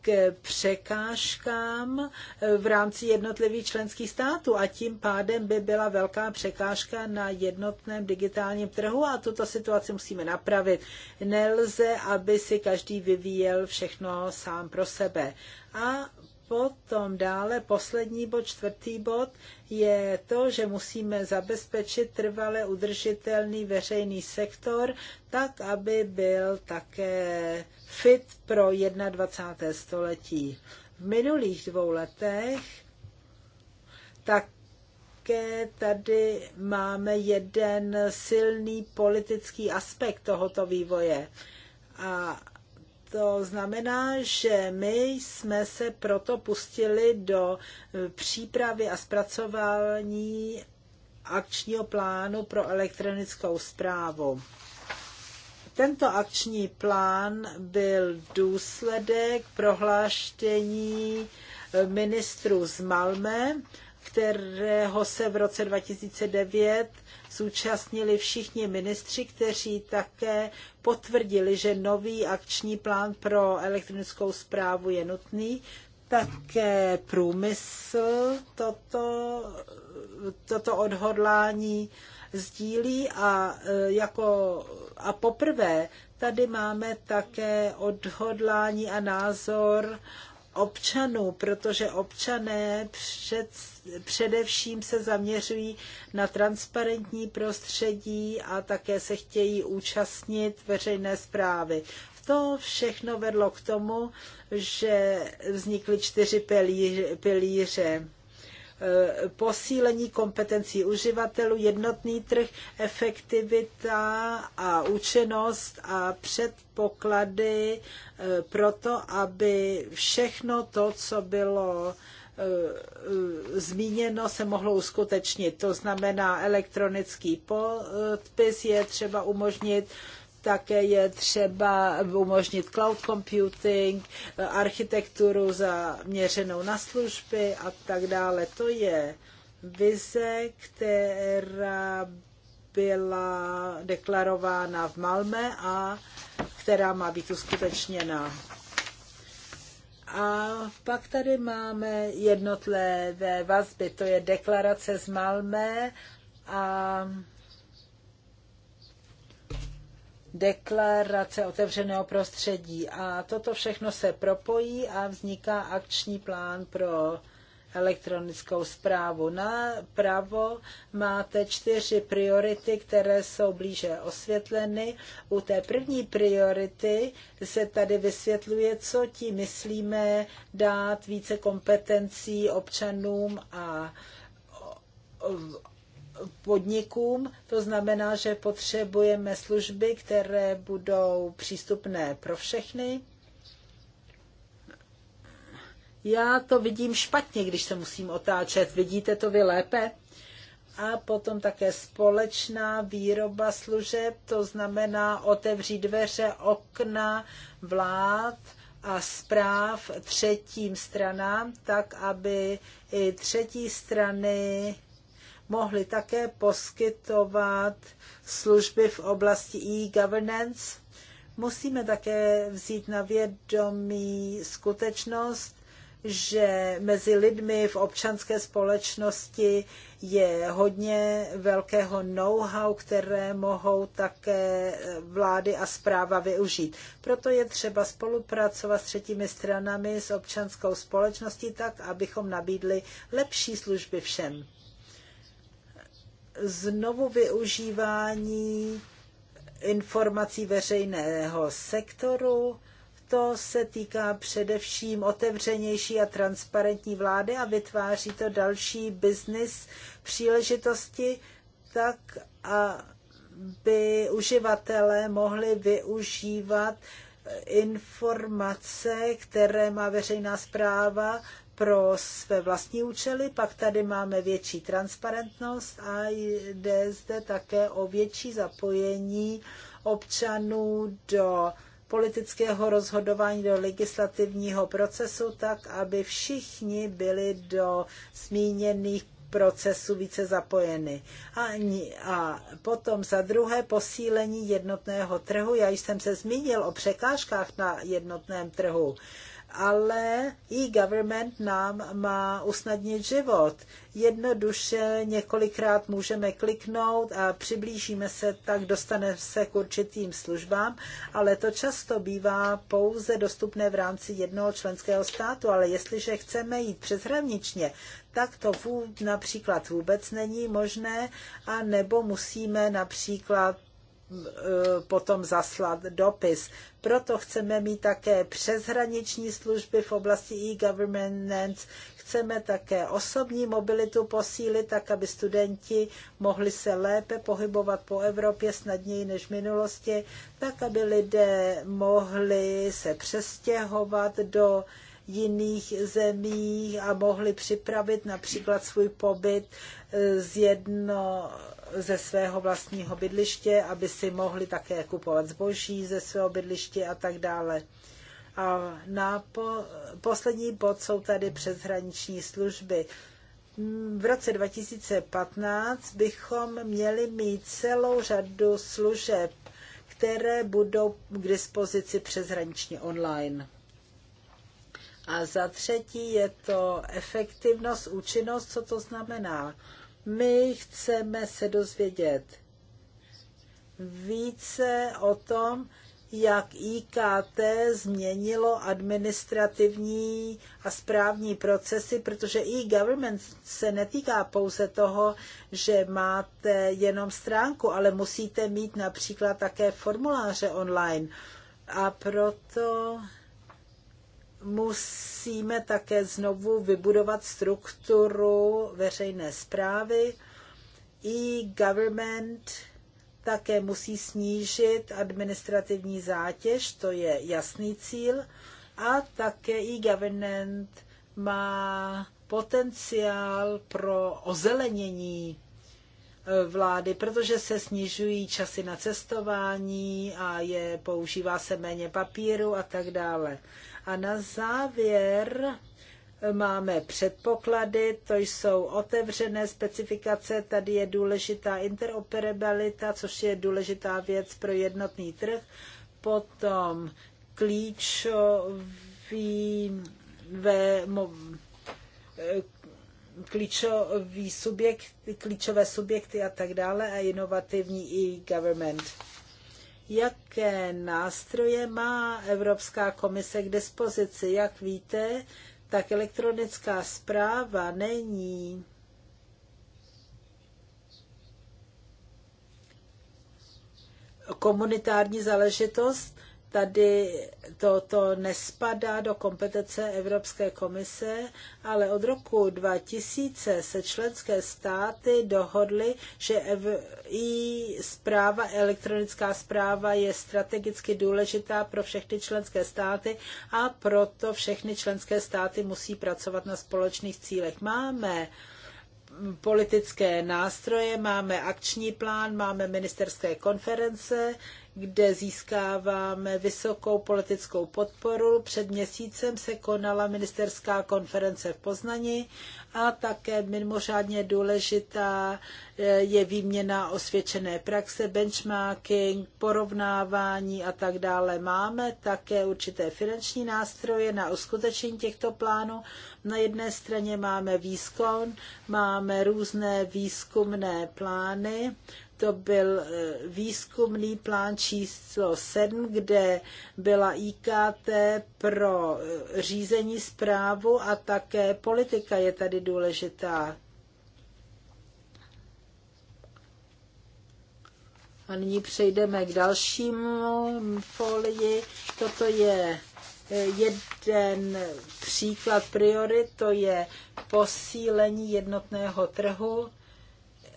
k překážkám v rámci jednotlivých členských států a tím pádem by byla velká překážka na jednotném digitálním trhu a tuto situaci musíme napravit. Nelze, aby si každý vyvíjel všechno sám pro sebe. A Potom dále poslední bod, čtvrtý bod, je to, že musíme zabezpečit trvale udržitelný veřejný sektor, tak aby byl také fit pro 21. století. V minulých dvou letech také tady máme jeden silný politický aspekt tohoto vývoje. A to znamená, že my jsme se proto pustili do přípravy a zpracování akčního plánu pro elektronickou zprávu. Tento akční plán byl důsledek prohlášení ministrů z Malme kterého se v roce 2009 zúčastnili všichni ministři, kteří také potvrdili, že nový akční plán pro elektronickou zprávu je nutný. Také průmysl toto, toto odhodlání sdílí a, e, jako, a poprvé tady máme také odhodlání a názor občanů, protože občané před, především se zaměřují na transparentní prostředí a také se chtějí účastnit veřejné zprávy. To všechno vedlo k tomu, že vznikly čtyři pilíře Eh, posílení kompetencí uživatelů, jednotný trh, efektivita a účinnost a předpoklady eh, pro to, aby všechno to, co bylo eh, zmíněno se mohlo uskutečnit. To znamená, elektronický podpis je třeba umožnit také je třeba umožnit cloud computing, architekturu zaměřenou na služby a tak dále. To je vize, která byla deklarována v Malme a která má být uskutečněna. A pak tady máme jednotlivé vazby, to je deklarace z Malmé a deklarace otevřeného prostředí. A toto všechno se propojí a vzniká akční plán pro elektronickou zprávu. pravo máte čtyři priority, které jsou blíže osvětleny. U té první priority se tady vysvětluje, co ti myslíme dát více kompetencí občanům a podnikům. To znamená, že potřebujeme služby, které budou přístupné pro všechny. Já to vidím špatně, když se musím otáčet. Vidíte to vy lépe? a potom také společná výroba služeb, to znamená otevřít dveře, okna vlád a zpráv třetím stranám, tak aby i třetí strany mohly také poskytovat služby v oblasti e-governance. Musíme také vzít na vědomí skutečnost, že mezi lidmi v občanské společnosti je hodně velkého know-how, které mohou také vlády a zpráva využít. Proto je třeba spolupracovat s třetími stranami, s občanskou společností tak, abychom nabídli lepší služby všem znovu využívání informací veřejného sektoru. To se týká především otevřenější a transparentní vlády a vytváří to další biznis příležitosti tak, aby uživatelé mohli využívat informace, které má veřejná zpráva pro své vlastní účely, pak tady máme větší transparentnost a jde zde také o větší zapojení občanů do politického rozhodování do legislativního procesu, tak aby všichni byli do zmíněných procesu více zapojeny. A, a potom za druhé posílení jednotného trhu. Já jsem se zmínil o překážkách na jednotném trhu ale e-government nám má usnadnit život. Jednoduše několikrát můžeme kliknout a přiblížíme se tak, dostaneme se k určitým službám, ale to často bývá pouze dostupné v rámci jednoho členského státu, ale jestliže chceme jít přeshraničně, tak to vů, například vůbec není možné, a nebo musíme například Eh, potom zaslat dopis. Proto chceme mít také přeshraniční služby v oblasti e-government, chceme také osobní mobilitu posílit, tak aby studenti mohli se lépe pohybovat po Evropě snadněji než v minulosti, tak aby lidé mohli se přestěhovat do jiných zemí a mohli připravit například svůj pobyt z jedno ze svého vlastního bydliště, aby si mohli také kupovat zboží ze svého bydliště a tak dále. A na po, poslední bod jsou tady přeshraniční služby. V roce 2015 bychom měli mít celou řadu služeb, které budou k dispozici přeshraničně online. A za třetí je to efektivnost, účinnost, co to znamená. My chceme se dozvědět více o tom, jak IKT změnilo administrativní a správní procesy, protože e-government se netýká pouze toho, že máte jenom stránku, ale musíte mít například také formuláře online. A proto musíme také znovu vybudovat strukturu veřejné zprávy. E-government také musí snížit administrativní zátěž, to je jasný cíl, a také e-government má potenciál pro ozelenění eh, vlády, protože se snižují časy na cestování a je, používá se méně papíru a tak dále. A na závěr máme předpoklady, to jsou otevřené specifikace, tady je důležitá interoperabilita, což je důležitá věc pro jednotný trh, potom klíčový ve, klíčový subjekt, klíčové subjekty a tak dále a inovativní e-government jaké nástroje má Evropská komise k dispozici. Jak víte, tak elektronická zpráva není komunitární záležitost, Tady toto nespadá do kompetence Evropské komise, ale od roku 2000 se členské státy dohodly, že i zpráva, elektronická zpráva je strategicky důležitá pro všechny členské státy a proto všechny členské státy musí pracovat na společných cílech. Máme politické nástroje, máme akční plán, máme ministerské konference, kde získáváme vysokou politickou podporu. Před měsícem se konala ministerská konference v Poznani a také mimořádně důležitá e, je výměna osvědčené praxe, benchmarking, porovnávání a tak dále. Máme také určité finanční nástroje na uskutečnění těchto plánů. Na jedné straně máme výzkum, máme různé výzkumné plány, to byl eh, výzkumný plán číslo 7, kde byla IKT pro eh, řízení zprávu a také politika je tady důležitá. A nyní přejdeme k dalšímu folii. Toto je eh, jeden příklad priory, to je posílení jednotného trhu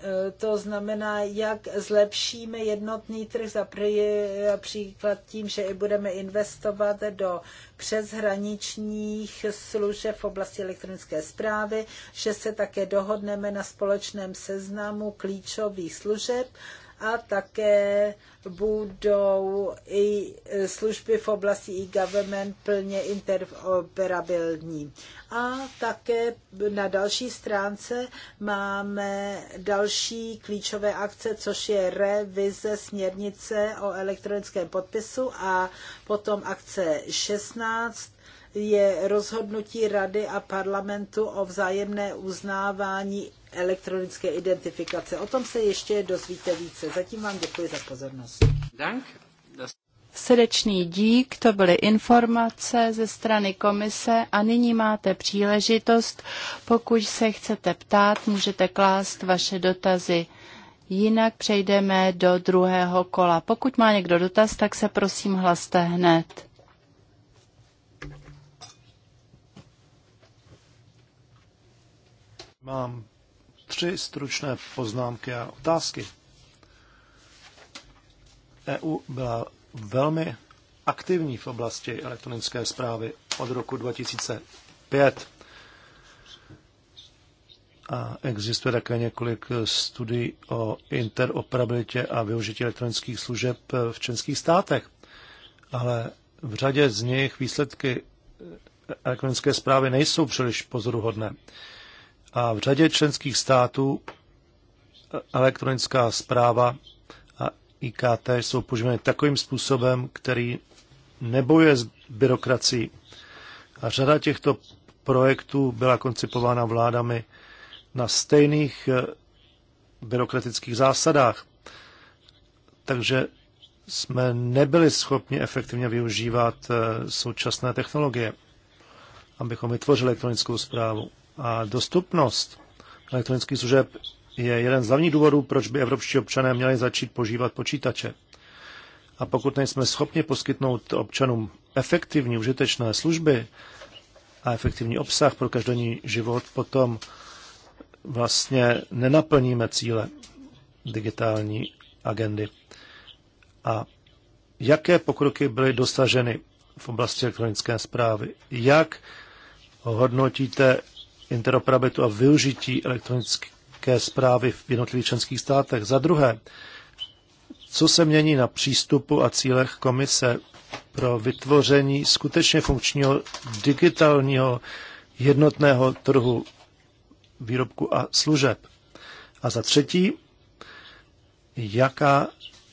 Eh, to znamená, jak zlepšíme jednotný trh za eh, příklad tím, že i budeme investovat do přeshraničních služeb v oblasti elektronické zprávy, že se také dohodneme na společném seznamu klíčových služeb a také budou i služby v oblasti e-government plně interoperabilní. A také na další stránce máme další klíčové akce, což je revize směrnice o elektronickém podpisu a potom akce 16 je rozhodnutí Rady a parlamentu o vzájemné uznávání elektronické identifikace. O tom se ještě dozvíte více. Zatím vám děkuji za pozornost. Dank. Srdečný dík, to byly informace ze strany komise a nyní máte příležitost, pokud se chcete ptát, můžete klást vaše dotazy. Jinak přejdeme do druhého kola. Pokud má někdo dotaz, tak se prosím hlaste hned. Mám tři stručné poznámky a otázky. EU byla velmi aktivní v oblasti elektronické zprávy od roku 2005. A existuje také několik studií o interoperabilitě a využití elektronických služeb v českých státech. Ale v řadě z nich výsledky elektronické zprávy nejsou příliš pozoruhodné. A v řadě členských států elektronická zpráva a IKT jsou používány takovým způsobem, který nebojuje s byrokracií. A řada těchto projektů byla koncipována vládami na stejných eh, byrokratických zásadách. Takže jsme nebyli schopni efektivně využívat eh, současné technologie, abychom vytvořili elektronickou zprávu. A dostupnost elektronických služeb je jeden z hlavních důvodů, proč by evropští občané měli začít požívat počítače. A pokud nejsme schopni poskytnout občanům efektivní, užitečné služby a efektivní obsah pro každodenní život, potom vlastně nenaplníme cíle digitální agendy. A jaké pokroky byly dosaženy v oblasti elektronické zprávy? Jak hodnotíte interoperabilitu a využití elektronické zprávy v jednotlivých členských státech. Za druhé, co se mění na přístupu a cílech komise pro vytvoření skutečně funkčního digitálního jednotného trhu výrobku a služeb. A za třetí, jaká,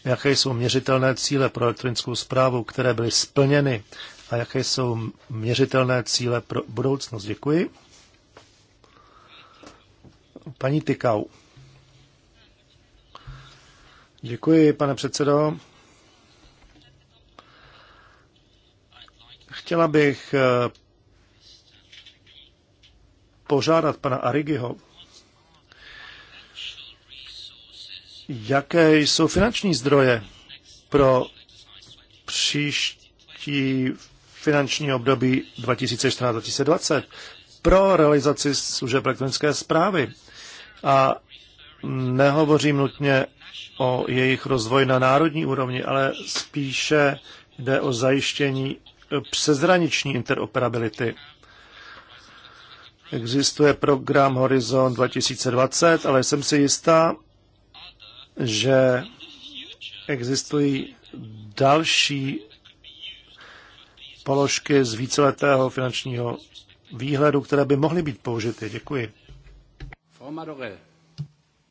jaké jsou měřitelné cíle pro elektronickou zprávu, které byly splněny a jaké jsou měřitelné cíle pro budoucnost. Děkuji. Paní Tykau. Děkuji, pane předsedo. Chtěla bych eh, požádat pana Arigiho, jaké jsou finanční zdroje pro příští finanční období 2014-2020 pro realizaci služeb elektronické zprávy a nehovořím nutně o jejich rozvoji na národní úrovni, ale spíše jde o zajištění přezraniční interoperability. Existuje program Horizon 2020, ale jsem si jistá, že existují další položky z víceletého finančního výhledu, které by mohly být použity. Děkuji.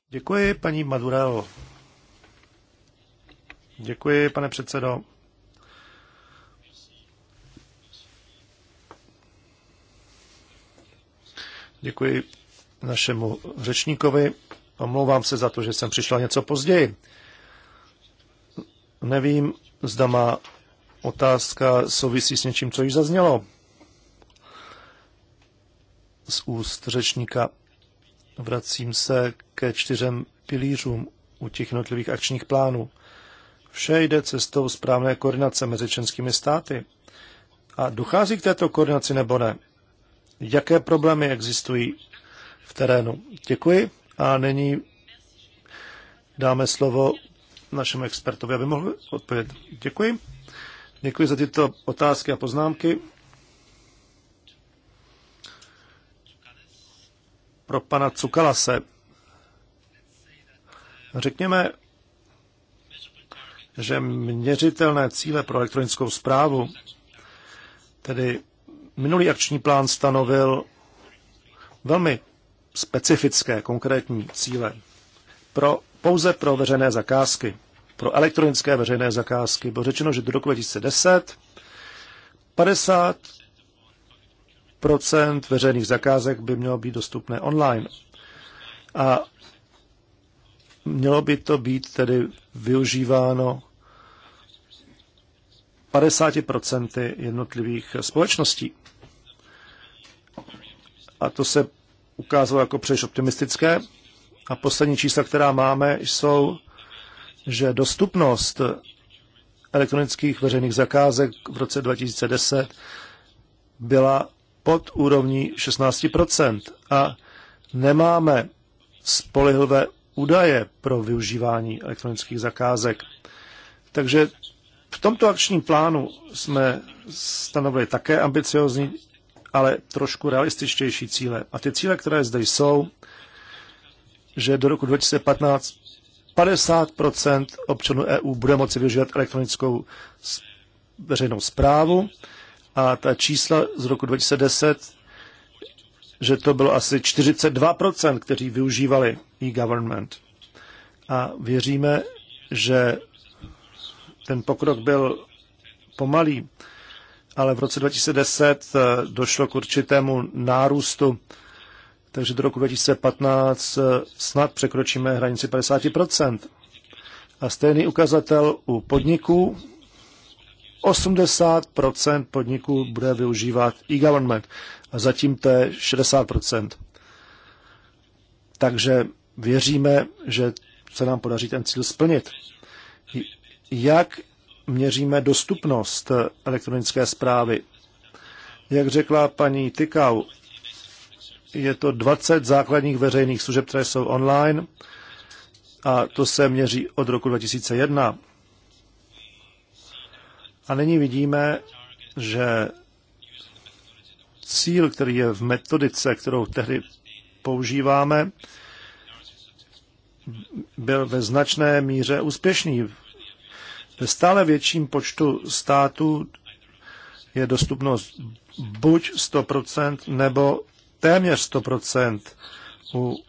Děkuji, paní Madurel. Děkuji, pane předsedo. Děkuji našemu řečníkovi. Omlouvám se za to, že jsem přišla něco později. Nevím, zda má otázka souvisí s něčím, co již zaznělo z úst řečníka. Vracím se ke čtyřem pilířům u těch jednotlivých akčních plánů. Vše jde cestou správné koordinace mezi členskými státy. A dochází k této koordinaci nebo ne? Jaké problémy existují v terénu? Děkuji a nyní dáme slovo našemu expertovi, aby mohl odpovědět. Děkuji. Děkuji za tyto otázky a poznámky. pro pana Cukalase. Řekněme, že měřitelné cíle pro elektronickou zprávu, tedy minulý akční plán stanovil velmi specifické, konkrétní cíle pro, pouze pro veřejné zakázky, pro elektronické veřejné zakázky. Bylo řečeno, že do roku 2010 50 Procent veřejných zakázek by mělo být dostupné online. A mělo by to být tedy využíváno 50% jednotlivých společností. A to se ukázalo jako příliš optimistické. A poslední čísla, která máme, jsou, že dostupnost elektronických veřejných zakázek v roce 2010 byla pod úrovní 16% a nemáme spolehlivé údaje pro využívání elektronických zakázek. Takže v tomto akčním plánu jsme stanovili také ambiciozní, ale trošku realističtější cíle. A ty cíle, které zde jsou, že do roku 2015 50 občanů EU bude moci využívat elektronickou veřejnou zprávu a ta čísla z roku 2010, že to bylo asi 42%, kteří využívali e-government. A věříme, že ten pokrok byl pomalý, ale v roce 2010 eh, došlo k určitému nárůstu, takže do roku 2015 eh, snad překročíme hranici 50%. A stejný ukazatel u podniků, 80 podniků bude využívat e-government a zatím to je 60 Takže věříme, že se nám podaří ten cíl splnit. Jak měříme dostupnost elektronické zprávy? Jak řekla paní Tykau, je to 20 základních veřejných služeb, které jsou online a to se měří od roku 2001 a nyní vidíme, že cíl, který je v metodice, kterou tehdy používáme, byl ve značné míře úspěšný. Ve stále větším počtu států je dostupnost buď 100% nebo téměř 100% u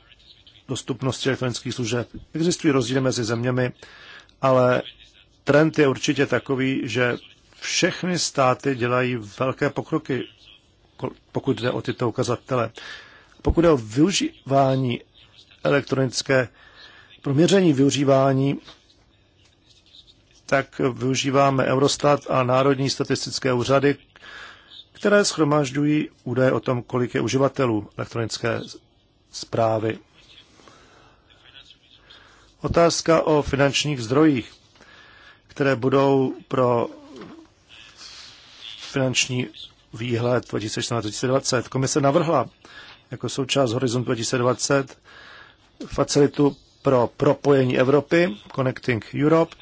dostupnosti elektronických služeb. Existují rozdíly mezi zeměmi, ale trend je určitě takový, že všechny státy dělají velké pokroky, pokud jde o tyto ukazatele. Pokud jde o využívání elektronické, proměření využívání, tak využíváme Eurostat a Národní statistické úřady, které schromažďují údaje o tom, kolik je uživatelů elektronické zprávy. Otázka o finančních zdrojích, které budou pro finanční výhled 2014-2020. Komise navrhla jako součást Horizont 2020 facilitu pro propojení Evropy, Connecting Europe,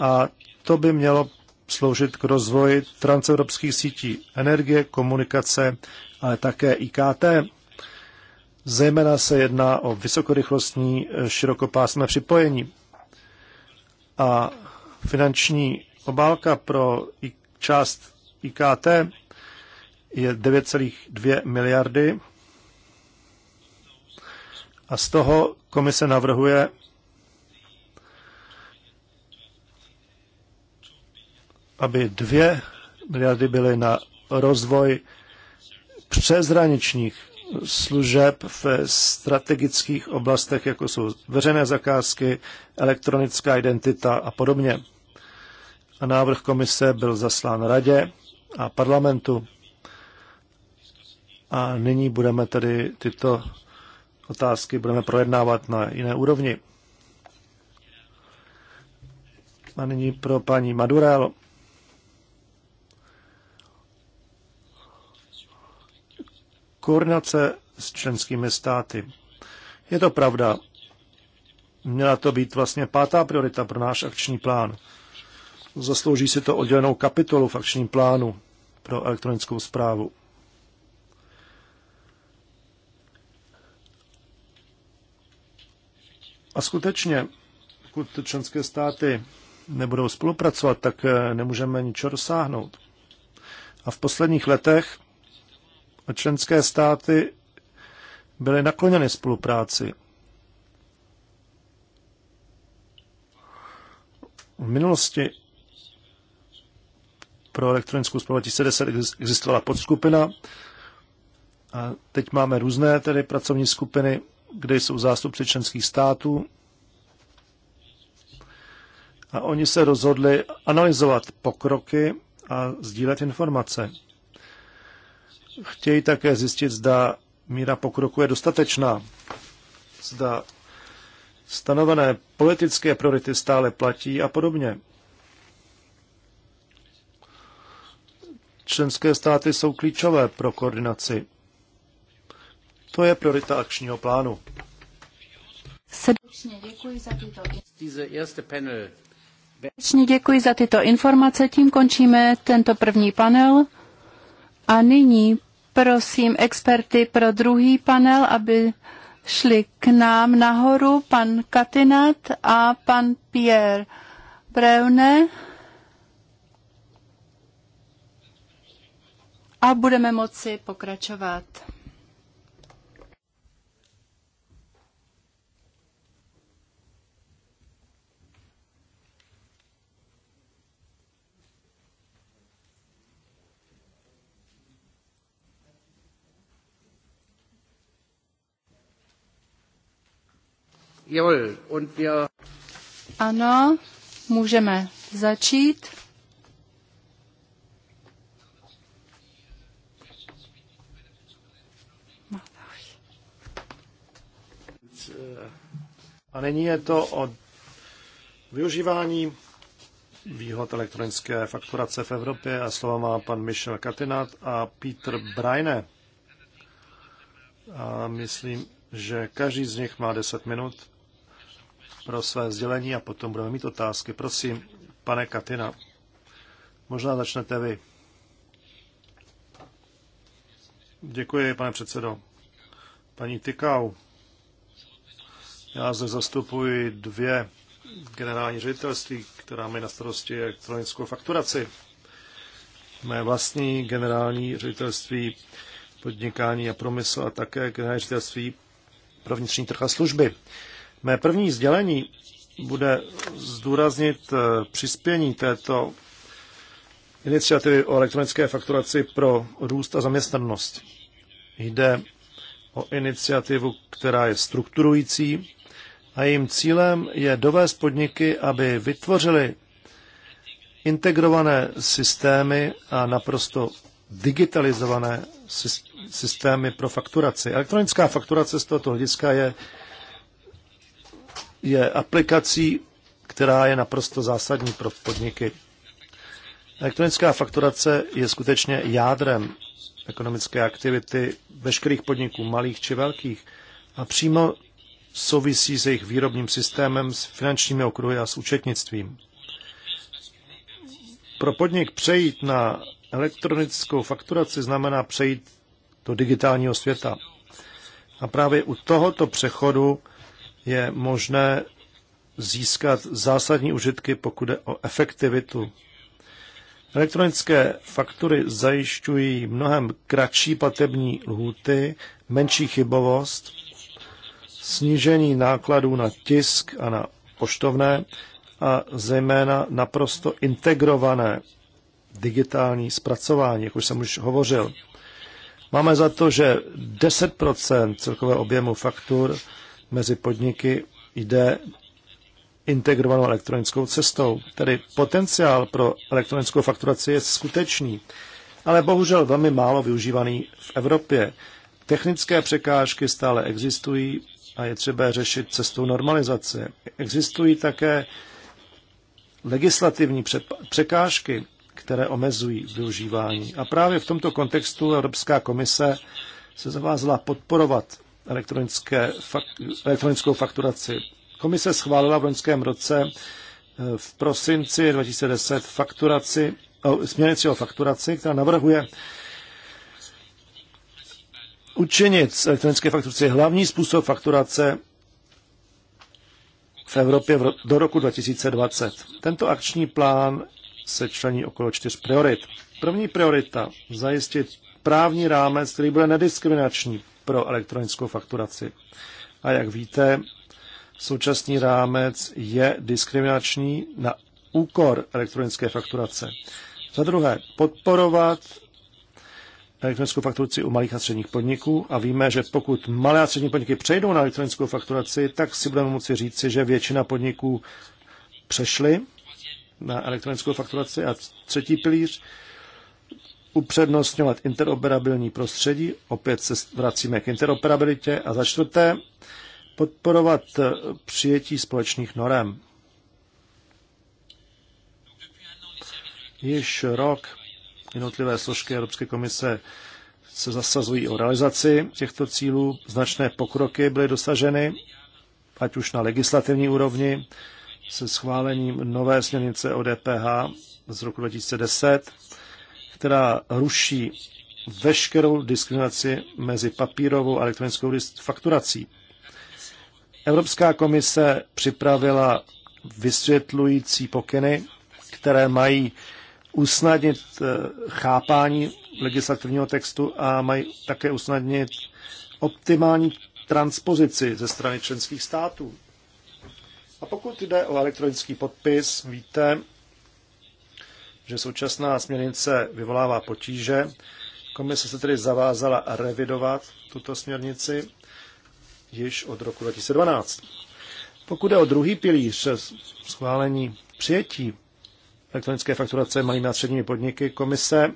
a to by mělo sloužit k rozvoji transevropských sítí energie, komunikace, ale také IKT. Zejména se jedná o vysokorychlostní eh, širokopásmé připojení. A finanční obálka pro část IKT je 9,2 miliardy a z toho komise navrhuje aby 2 miliardy byly na rozvoj přezraničních služeb v strategických oblastech, jako jsou veřejné zakázky, elektronická identita a podobně. A návrh komise byl zaslán radě a parlamentu. A nyní budeme tedy tyto otázky budeme projednávat na jiné úrovni. A nyní pro paní Madurel. Koordinace s členskými státy. Je to pravda. Měla to být vlastně pátá priorita pro náš akční plán. Zaslouží si to oddělenou kapitolu v akčním plánu pro elektronickou zprávu. A skutečně, pokud členské státy nebudou spolupracovat, tak eh, nemůžeme ničeho dosáhnout. A v posledních letech členské státy byly nakloněny spolupráci. V minulosti pro elektronickou zprávu 2010 existovala podskupina a teď máme různé tedy pracovní skupiny, kde jsou zástupci členských států a oni se rozhodli analyzovat pokroky a sdílet informace. Chtějí také zjistit, zda míra pokroku je dostatečná, zda stanovené politické priority stále platí a podobně. Členské státy jsou klíčové pro koordinaci. To je priorita akčního plánu. Srdečně děkuji za tyto informace. Tím končíme tento první panel. A nyní prosím experty pro druhý panel, aby šli k nám nahoru pan Katinat a pan Pierre Breune. a budeme moci pokračovat. Ano, můžeme začít. A není je to o využívání výhod elektronické fakturace v Evropě a slova má pan Michel Katinat a Peter Brajne. A myslím, že každý z nich má 10 minut pro své sdělení a potom budeme mít otázky. Prosím, pane Katina, možná začnete vy. Děkuji, pane předsedo. Paní Tykau. Já zde zastupuji dvě generální ředitelství, která mají na starosti elektronickou fakturaci. Mé vlastní generální ředitelství podnikání a promysl a také generální ředitelství pro vnitřní trh a služby. Mé první sdělení bude zdůraznit eh, přispění této iniciativy o elektronické fakturaci pro růst a zaměstnanost. Jde o iniciativu, která je strukturující, a jejím cílem je dovést podniky, aby vytvořili integrované systémy a naprosto digitalizované systémy pro fakturaci. Elektronická fakturace z tohoto hlediska je, je aplikací, která je naprosto zásadní pro podniky. Elektronická fakturace je skutečně jádrem ekonomické aktivity veškerých podniků, malých či velkých, a přímo souvisí s jejich výrobním systémem, s finančními okruhy a s účetnictvím. Pro podnik přejít na elektronickou fakturaci znamená přejít do digitálního světa. A právě u tohoto přechodu je možné získat zásadní užitky, pokud jde o efektivitu. Elektronické faktury zajišťují mnohem kratší platební lhůty, menší chybovost snížení nákladů na tisk a na poštovné a zejména naprosto integrované digitální zpracování, jak už jsem už hovořil. Máme za to, že 10% celkového objemu faktur mezi podniky jde integrovanou elektronickou cestou. Tedy potenciál pro elektronickou fakturaci je skutečný, ale bohužel velmi málo využívaný v Evropě. Technické překážky stále existují a je třeba řešit cestou normalizace. Existují také legislativní překážky, které omezují využívání. A právě v tomto kontextu Evropská komise se zavázala podporovat elektronické, elektronickou fakturaci. Komise schválila v loňském roce eh, v prosinci 2010 fakturaci, eh, směrnici o fakturaci, která navrhuje učinit z elektronické fakturace je hlavní způsob fakturace v Evropě do roku 2020. Tento akční plán se člení okolo čtyř priorit. První priorita zajistit právní rámec, který bude nediskriminační pro elektronickou fakturaci. A jak víte, současný rámec je diskriminační na úkor elektronické fakturace. Za druhé, podporovat elektronickou fakturaci u malých a středních podniků a víme, že pokud malé a střední podniky přejdou na elektronickou fakturaci, tak si budeme moci říci, že většina podniků přešly na elektronickou fakturaci a třetí pilíř upřednostňovat interoperabilní prostředí, opět se vracíme k interoperabilitě a za čtvrté podporovat přijetí společných norem. Již rok jednotlivé složky Evropské komise se zasazují o realizaci těchto cílů. Značné pokroky byly dosaženy, ať už na legislativní úrovni, se schválením nové směrnice o DPH z roku 2010, která ruší veškerou diskriminaci mezi papírovou a elektronickou fakturací. Evropská komise připravila vysvětlující pokyny, které mají usnadnit eh, chápání legislativního textu a mají také usnadnit optimální transpozici ze strany členských států. A pokud jde o elektronický podpis, víte, že současná směrnice vyvolává potíže. Komise se tedy zavázala revidovat tuto směrnici již od roku 2012. Pokud jde o druhý pilíř schválení přijetí elektronické fakturace malými a středními podniky. Komise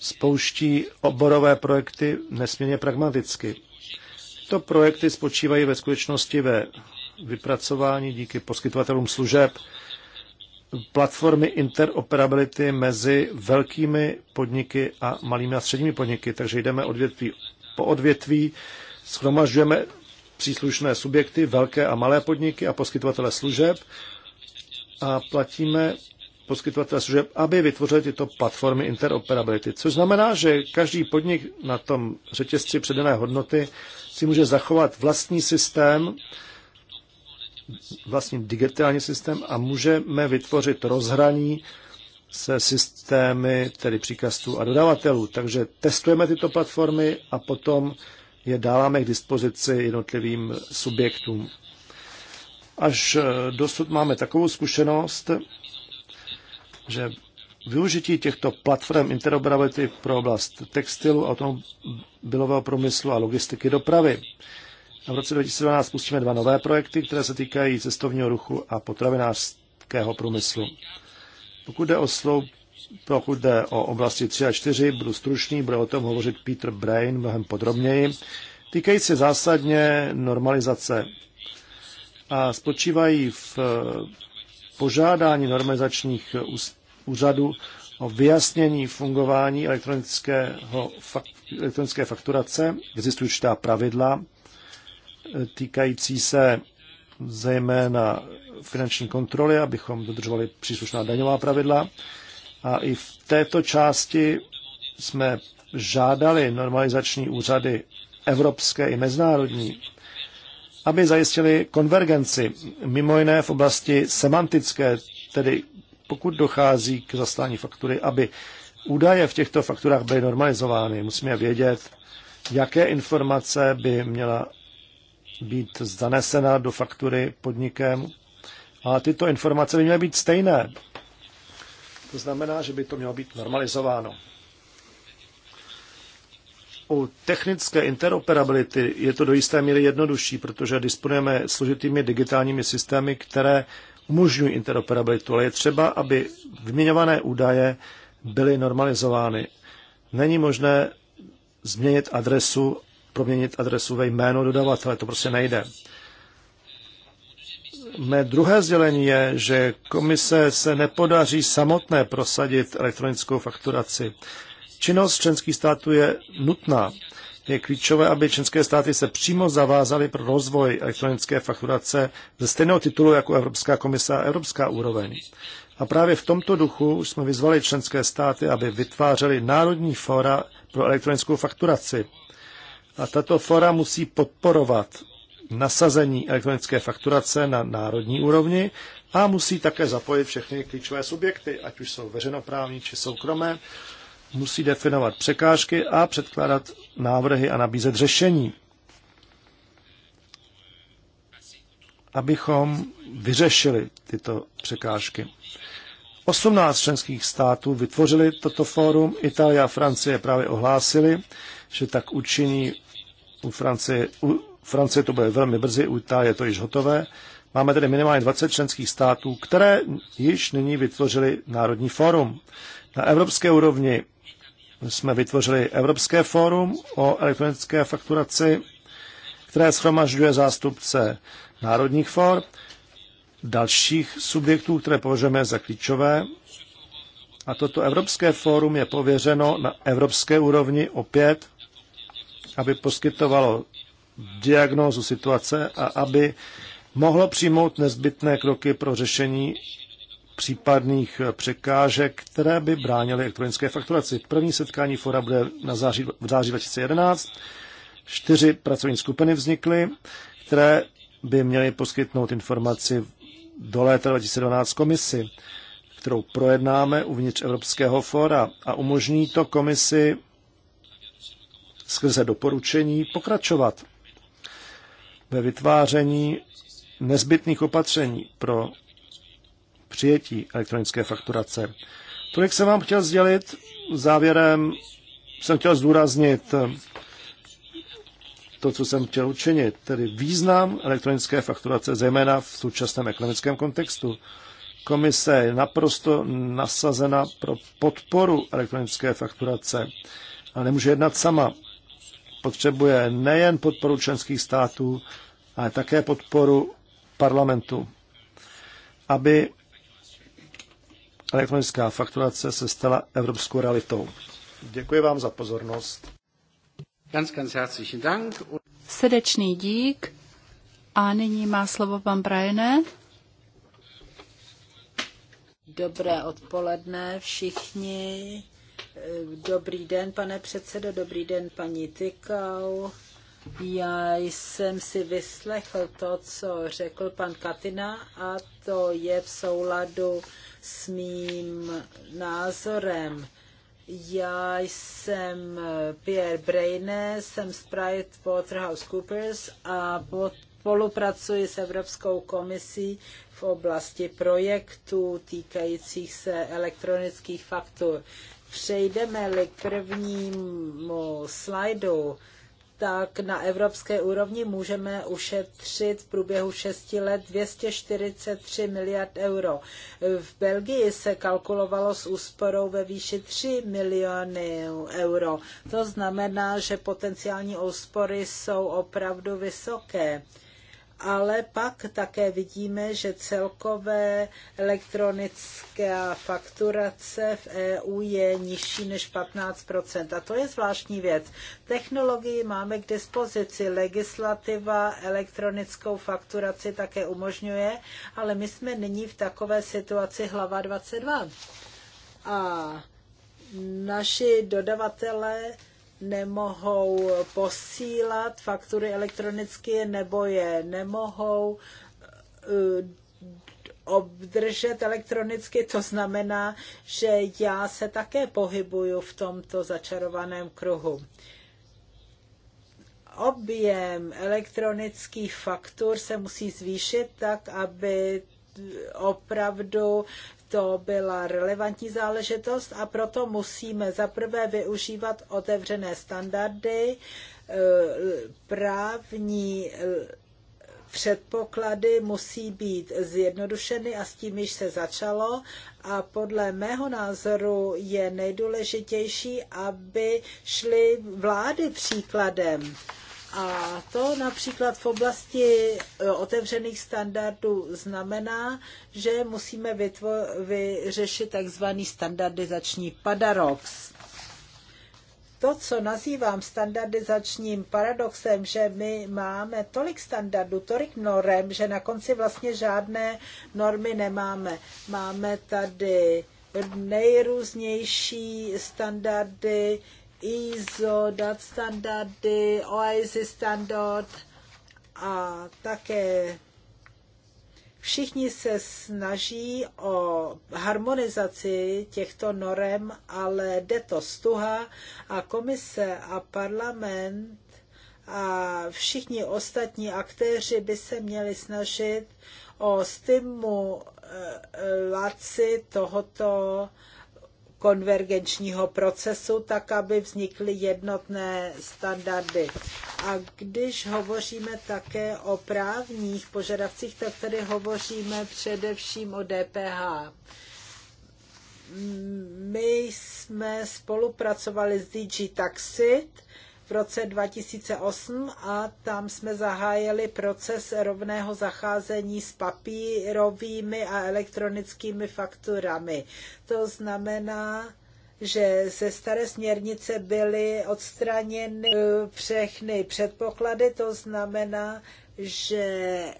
spouští oborové projekty nesmírně pragmaticky. To projekty spočívají ve skutečnosti ve vypracování díky poskytovatelům služeb platformy interoperability mezi velkými podniky a malými a středními podniky. Takže jdeme odvětví po odvětví, schromažďujeme příslušné subjekty, velké a malé podniky a poskytovatele služeb a platíme poskytovatele služeb, aby vytvořili tyto platformy interoperability. Což znamená, že každý podnik na tom řetězci předané hodnoty si může zachovat vlastní systém, vlastní digitální systém a můžeme vytvořit rozhraní se systémy, tedy příkazů a dodavatelů. Takže testujeme tyto platformy a potom je dáváme k dispozici jednotlivým subjektům. Až eh, dosud máme takovou zkušenost, že využití těchto platform interoperability pro oblast textilu, automobilového průmyslu a logistiky dopravy. A v roce 2012 spustíme dva nové projekty, které se týkají cestovního ruchu a potravinářského průmyslu. Pokud jde o slou, pokud jde o oblasti 3 a 4, budu stručný, bude o tom hovořit Peter Brain mnohem podrobněji. Týkají se zásadně normalizace a spočívají v eh, požádání normalizačních eh, úřadů o vyjasnění fungování elektronického, elektronické fakturace. Existují určitá pravidla eh, týkající se zejména finanční kontroly, abychom dodržovali příslušná daňová pravidla. A i v této části jsme žádali normalizační úřady evropské i mezinárodní aby zajistili konvergenci, mimo jiné v oblasti semantické, tedy pokud dochází k zastání faktury, aby údaje v těchto fakturách byly normalizovány. Musíme vědět, jaké informace by měla být zanesena do faktury podnikem, ale tyto informace by měly být stejné. To znamená, že by to mělo být normalizováno u technické interoperability je to do jisté míry jednodušší, protože disponujeme složitými digitálními systémy, které umožňují interoperabilitu, ale je třeba, aby vyměňované údaje byly normalizovány. Není možné změnit adresu, proměnit adresu ve jméno dodavatele, to prostě nejde. Mé druhé sdělení je, že komise se nepodaří samotné prosadit elektronickou fakturaci. Činnost členských států je nutná. Je klíčové, aby členské státy se přímo zavázaly pro rozvoj elektronické fakturace ze stejného titulu jako Evropská komise a Evropská úroveň. A právě v tomto duchu jsme vyzvali členské státy, aby vytvářely národní fora pro elektronickou fakturaci. A tato fora musí podporovat nasazení elektronické fakturace na národní úrovni a musí také zapojit všechny klíčové subjekty, ať už jsou veřejnoprávní či soukromé, musí definovat překážky a předkládat návrhy a nabízet řešení. Abychom vyřešili tyto překážky. 18 členských států vytvořili toto fórum. Itálie a Francie právě ohlásili, že tak učiní u Francie, u Francie to bude velmi brzy, u Itálie to již hotové. Máme tedy minimálně 20 členských států, které již nyní vytvořili Národní fórum. Na evropské úrovni jsme vytvořili Evropské fórum o elektronické fakturaci, které schromažďuje zástupce národních fór, dalších subjektů, které považujeme za klíčové. A toto Evropské fórum je pověřeno na evropské úrovni opět, aby poskytovalo diagnózu situace a aby mohlo přijmout nezbytné kroky pro řešení případných překážek, které by bránily elektronické fakturaci. První setkání fora bude na září, v září 2011. Čtyři pracovní skupiny vznikly, které by měly poskytnout informaci do léta 2012 komisi, kterou projednáme uvnitř Evropského fóra a umožní to komisi skrze doporučení pokračovat ve vytváření nezbytných opatření pro přijetí elektronické fakturace. Tolik jsem vám chtěl sdělit. Závěrem jsem chtěl zdůraznit to, co jsem chtěl učinit, tedy význam elektronické fakturace, zejména v současném ekonomickém kontextu. Komise je naprosto nasazena pro podporu elektronické fakturace, ale nemůže jednat sama. Potřebuje nejen podporu členských států, ale také podporu parlamentu, aby elektronická fakturace se stala evropskou realitou. Děkuji vám za pozornost. Ganz, ganz herzlichen Dank. Srdečný dík. A nyní má slovo pan Brajene. Dobré odpoledne všichni. Dobrý den, pane předsedo, dobrý den, paní Tykau. Já jsem si vyslechl to, co řekl pan Katina a to je v souladu s mým názorem. Já jsem Pierre Braine, jsem z PricewaterhouseCoopers a spolupracuji s Evropskou komisí v oblasti projektů týkajících se elektronických faktur. Přejdeme-li k prvnímu slajdu, tak na evropské úrovni můžeme ušetřit v průběhu 6 let 243 miliard euro. V Belgii se kalkulovalo s úsporou ve výši 3 miliony euro. To znamená, že potenciální úspory jsou opravdu vysoké ale pak také vidíme, že celkové elektronická fakturace v EU je nižší než 15 A to je zvláštní věc. Technologii máme k dispozici, legislativa elektronickou fakturaci také umožňuje, ale my jsme nyní v takové situaci hlava 22. A naši dodavatelé nemohou posílat faktury elektronicky nebo je nemohou eh, obdržet elektronicky, to znamená, že já se také pohybuju v tomto začarovaném kruhu. Objem elektronických faktur se musí zvýšit tak, aby opravdu to byla relevantní záležitost a proto musíme zaprvé využívat otevřené standardy, e, právní e, předpoklady musí být zjednodušeny a s tím již se začalo a podle mého názoru je nejdůležitější, aby šly vlády příkladem a to například v oblasti e, otevřených standardů znamená, že musíme vytvo- vyřešit takzvaný standardizační paradox. To, co nazývám standardizačním paradoxem, že my máme tolik standardů, tolik norem, že na konci vlastně žádné normy nemáme. Máme tady nejrůznější standardy, ISO, DAT standardy, OISI standard a také všichni se snaží o harmonizaci těchto norem, ale jde to stuha a komise a parlament a všichni ostatní aktéři by se měli snažit o stimulaci tohoto konvergenčního procesu, tak aby vznikly jednotné standardy. A když hovoříme také o právních požadavcích, tak tady hovoříme především o DPH. My jsme spolupracovali s DG Taxit, v roce 2008 a tam jsme zahájili proces rovného zacházení s papírovými a elektronickými fakturami. To znamená, že ze staré směrnice byly odstraněny eh, všechny předpoklady, to znamená, že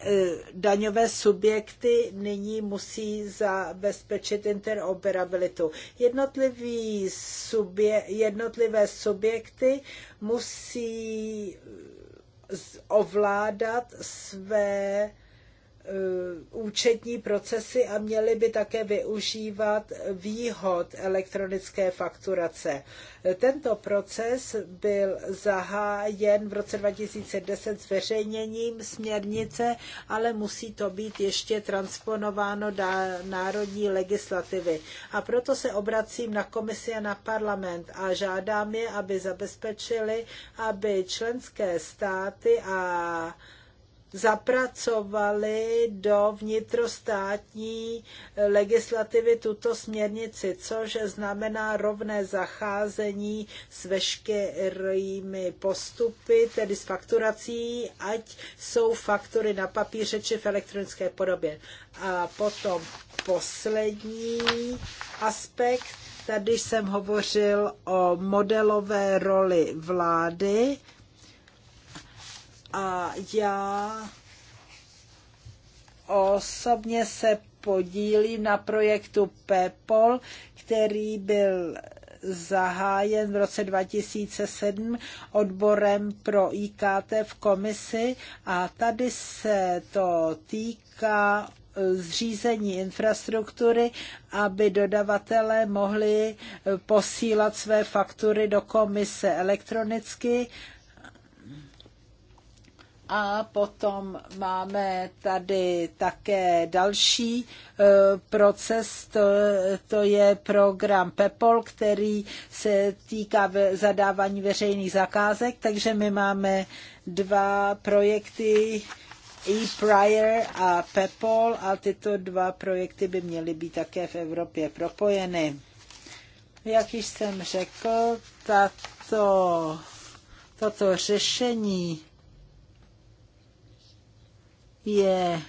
e, daňové subjekty nyní musí zabezpečit interoperabilitu. Jednotlivý subje, jednotlivé subjekty musí ovládat své Eh, účetní procesy a měly by také využívat výhod elektronické fakturace. Tento proces byl zahájen v roce 2010 s veřejněním směrnice, ale musí to být ještě transponováno do národní legislativy. A proto se obracím na komisi a na parlament a žádám je, aby zabezpečili, aby členské státy a zapracovali do vnitrostátní legislativy tuto směrnici, což znamená rovné zacházení s veškerými postupy, tedy s fakturací, ať jsou faktury na papíře či v elektronické podobě. A potom poslední aspekt, tady jsem hovořil o modelové roli vlády, a já osobně se podílím na projektu PEPOL, který byl zahájen v roce 2007 odborem pro IKT v komisi a tady se to týká e, zřízení infrastruktury, aby dodavatelé mohli posílat své faktury do komise elektronicky a potom máme tady také další e, proces, to, to je program PEPOL, který se týká zadávání veřejných zakázek, takže my máme dva projekty e-Prior a PEPOL a tyto dva projekty by měly být také v Evropě propojeny. Jak již jsem řekl, tato, toto řešení je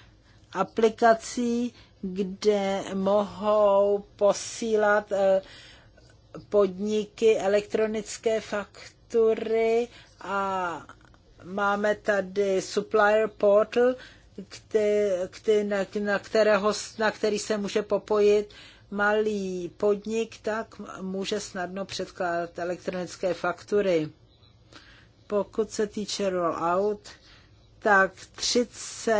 aplikací, kde mohou posílat eh, podniky elektronické faktury a máme tady supplier portal, na, kterého, na který se může popojit malý podnik, tak může snadno předkládat elektronické faktury. Pokud se týče rollout, tak 30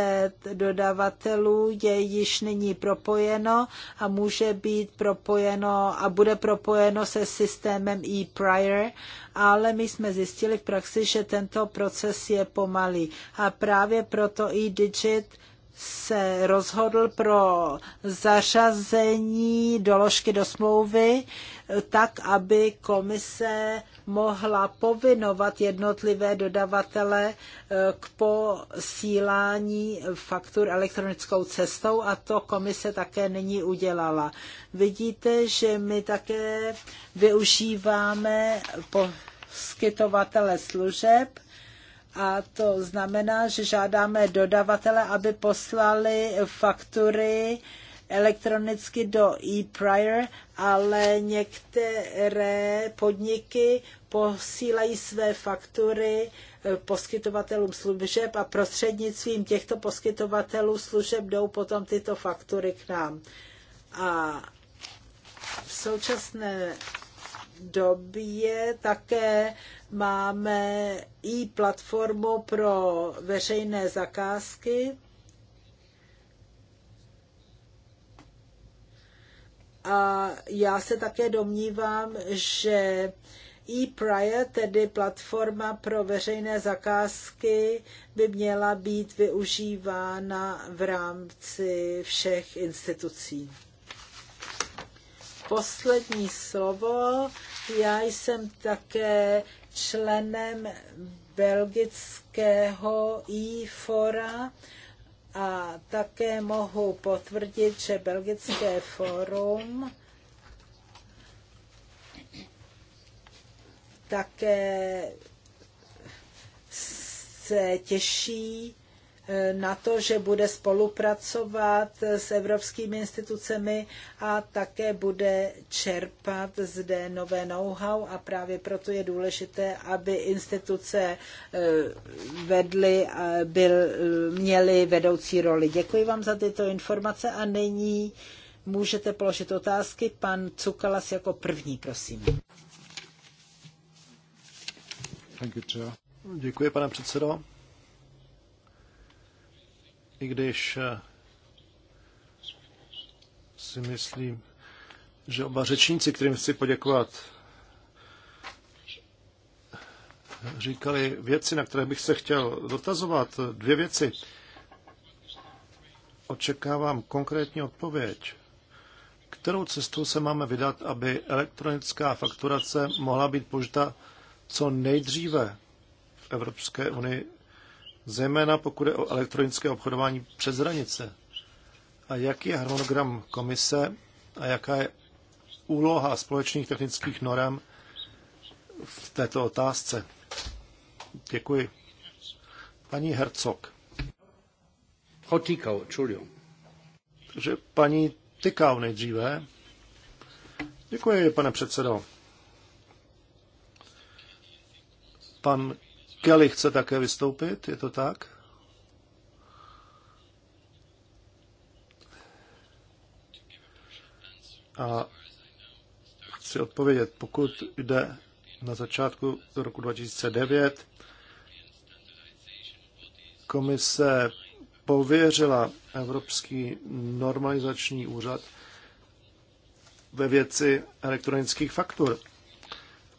dodavatelů je již nyní propojeno a může být propojeno a bude propojeno se systémem e-prior, ale my jsme zjistili v praxi, že tento proces je pomalý a právě proto e-digit se rozhodl pro zařazení doložky do smlouvy eh, tak, aby komise mohla povinovat jednotlivé dodavatele eh, k posílání faktur elektronickou cestou a to komise také nyní udělala. Vidíte, že my také využíváme poskytovatele služeb, a to znamená, že žádáme dodavatele, aby poslali faktury elektronicky do e-prior, ale některé podniky posílají své faktury eh, poskytovatelům služeb a prostřednictvím těchto poskytovatelů služeb jdou potom tyto faktury k nám. A v současné době také máme i platformu pro veřejné zakázky. A já se také domnívám, že e-prior, tedy platforma pro veřejné zakázky, by měla být využívána v rámci všech institucí. Poslední slovo. Já jsem také členem belgického e-fora a také mohu potvrdit, že belgické fórum také se těší eh, na to, že bude spolupracovat s evropskými institucemi a také bude čerpat zde nové know-how a právě proto je důležité, aby instituce eh, vedly, byl, eh, měly vedoucí roli. Děkuji vám za tyto informace a nyní můžete položit otázky. Pan Cukalas jako první, prosím. Děkuji, pane předsedo. I když eh, si myslím, že oba řečníci, kterým chci poděkovat, říkali věci, na které bych se chtěl dotazovat. Dvě věci. Očekávám konkrétní odpověď. Kterou cestou se máme vydat, aby elektronická fakturace mohla být použita co nejdříve v Evropské unii, zejména pokud je o elektronické obchodování přes hranice. A jaký je harmonogram komise a jaká je úloha společných technických norem v této otázce? Děkuji. Paní Hercog. Hotikau, čulio. Takže paní Tykau nejdříve. Děkuji, pane předsedo. Pan Kelly chce také vystoupit, je to tak? A chci odpovědět, pokud jde na začátku roku 2009, komise pověřila Evropský normalizační úřad ve věci elektronických faktur.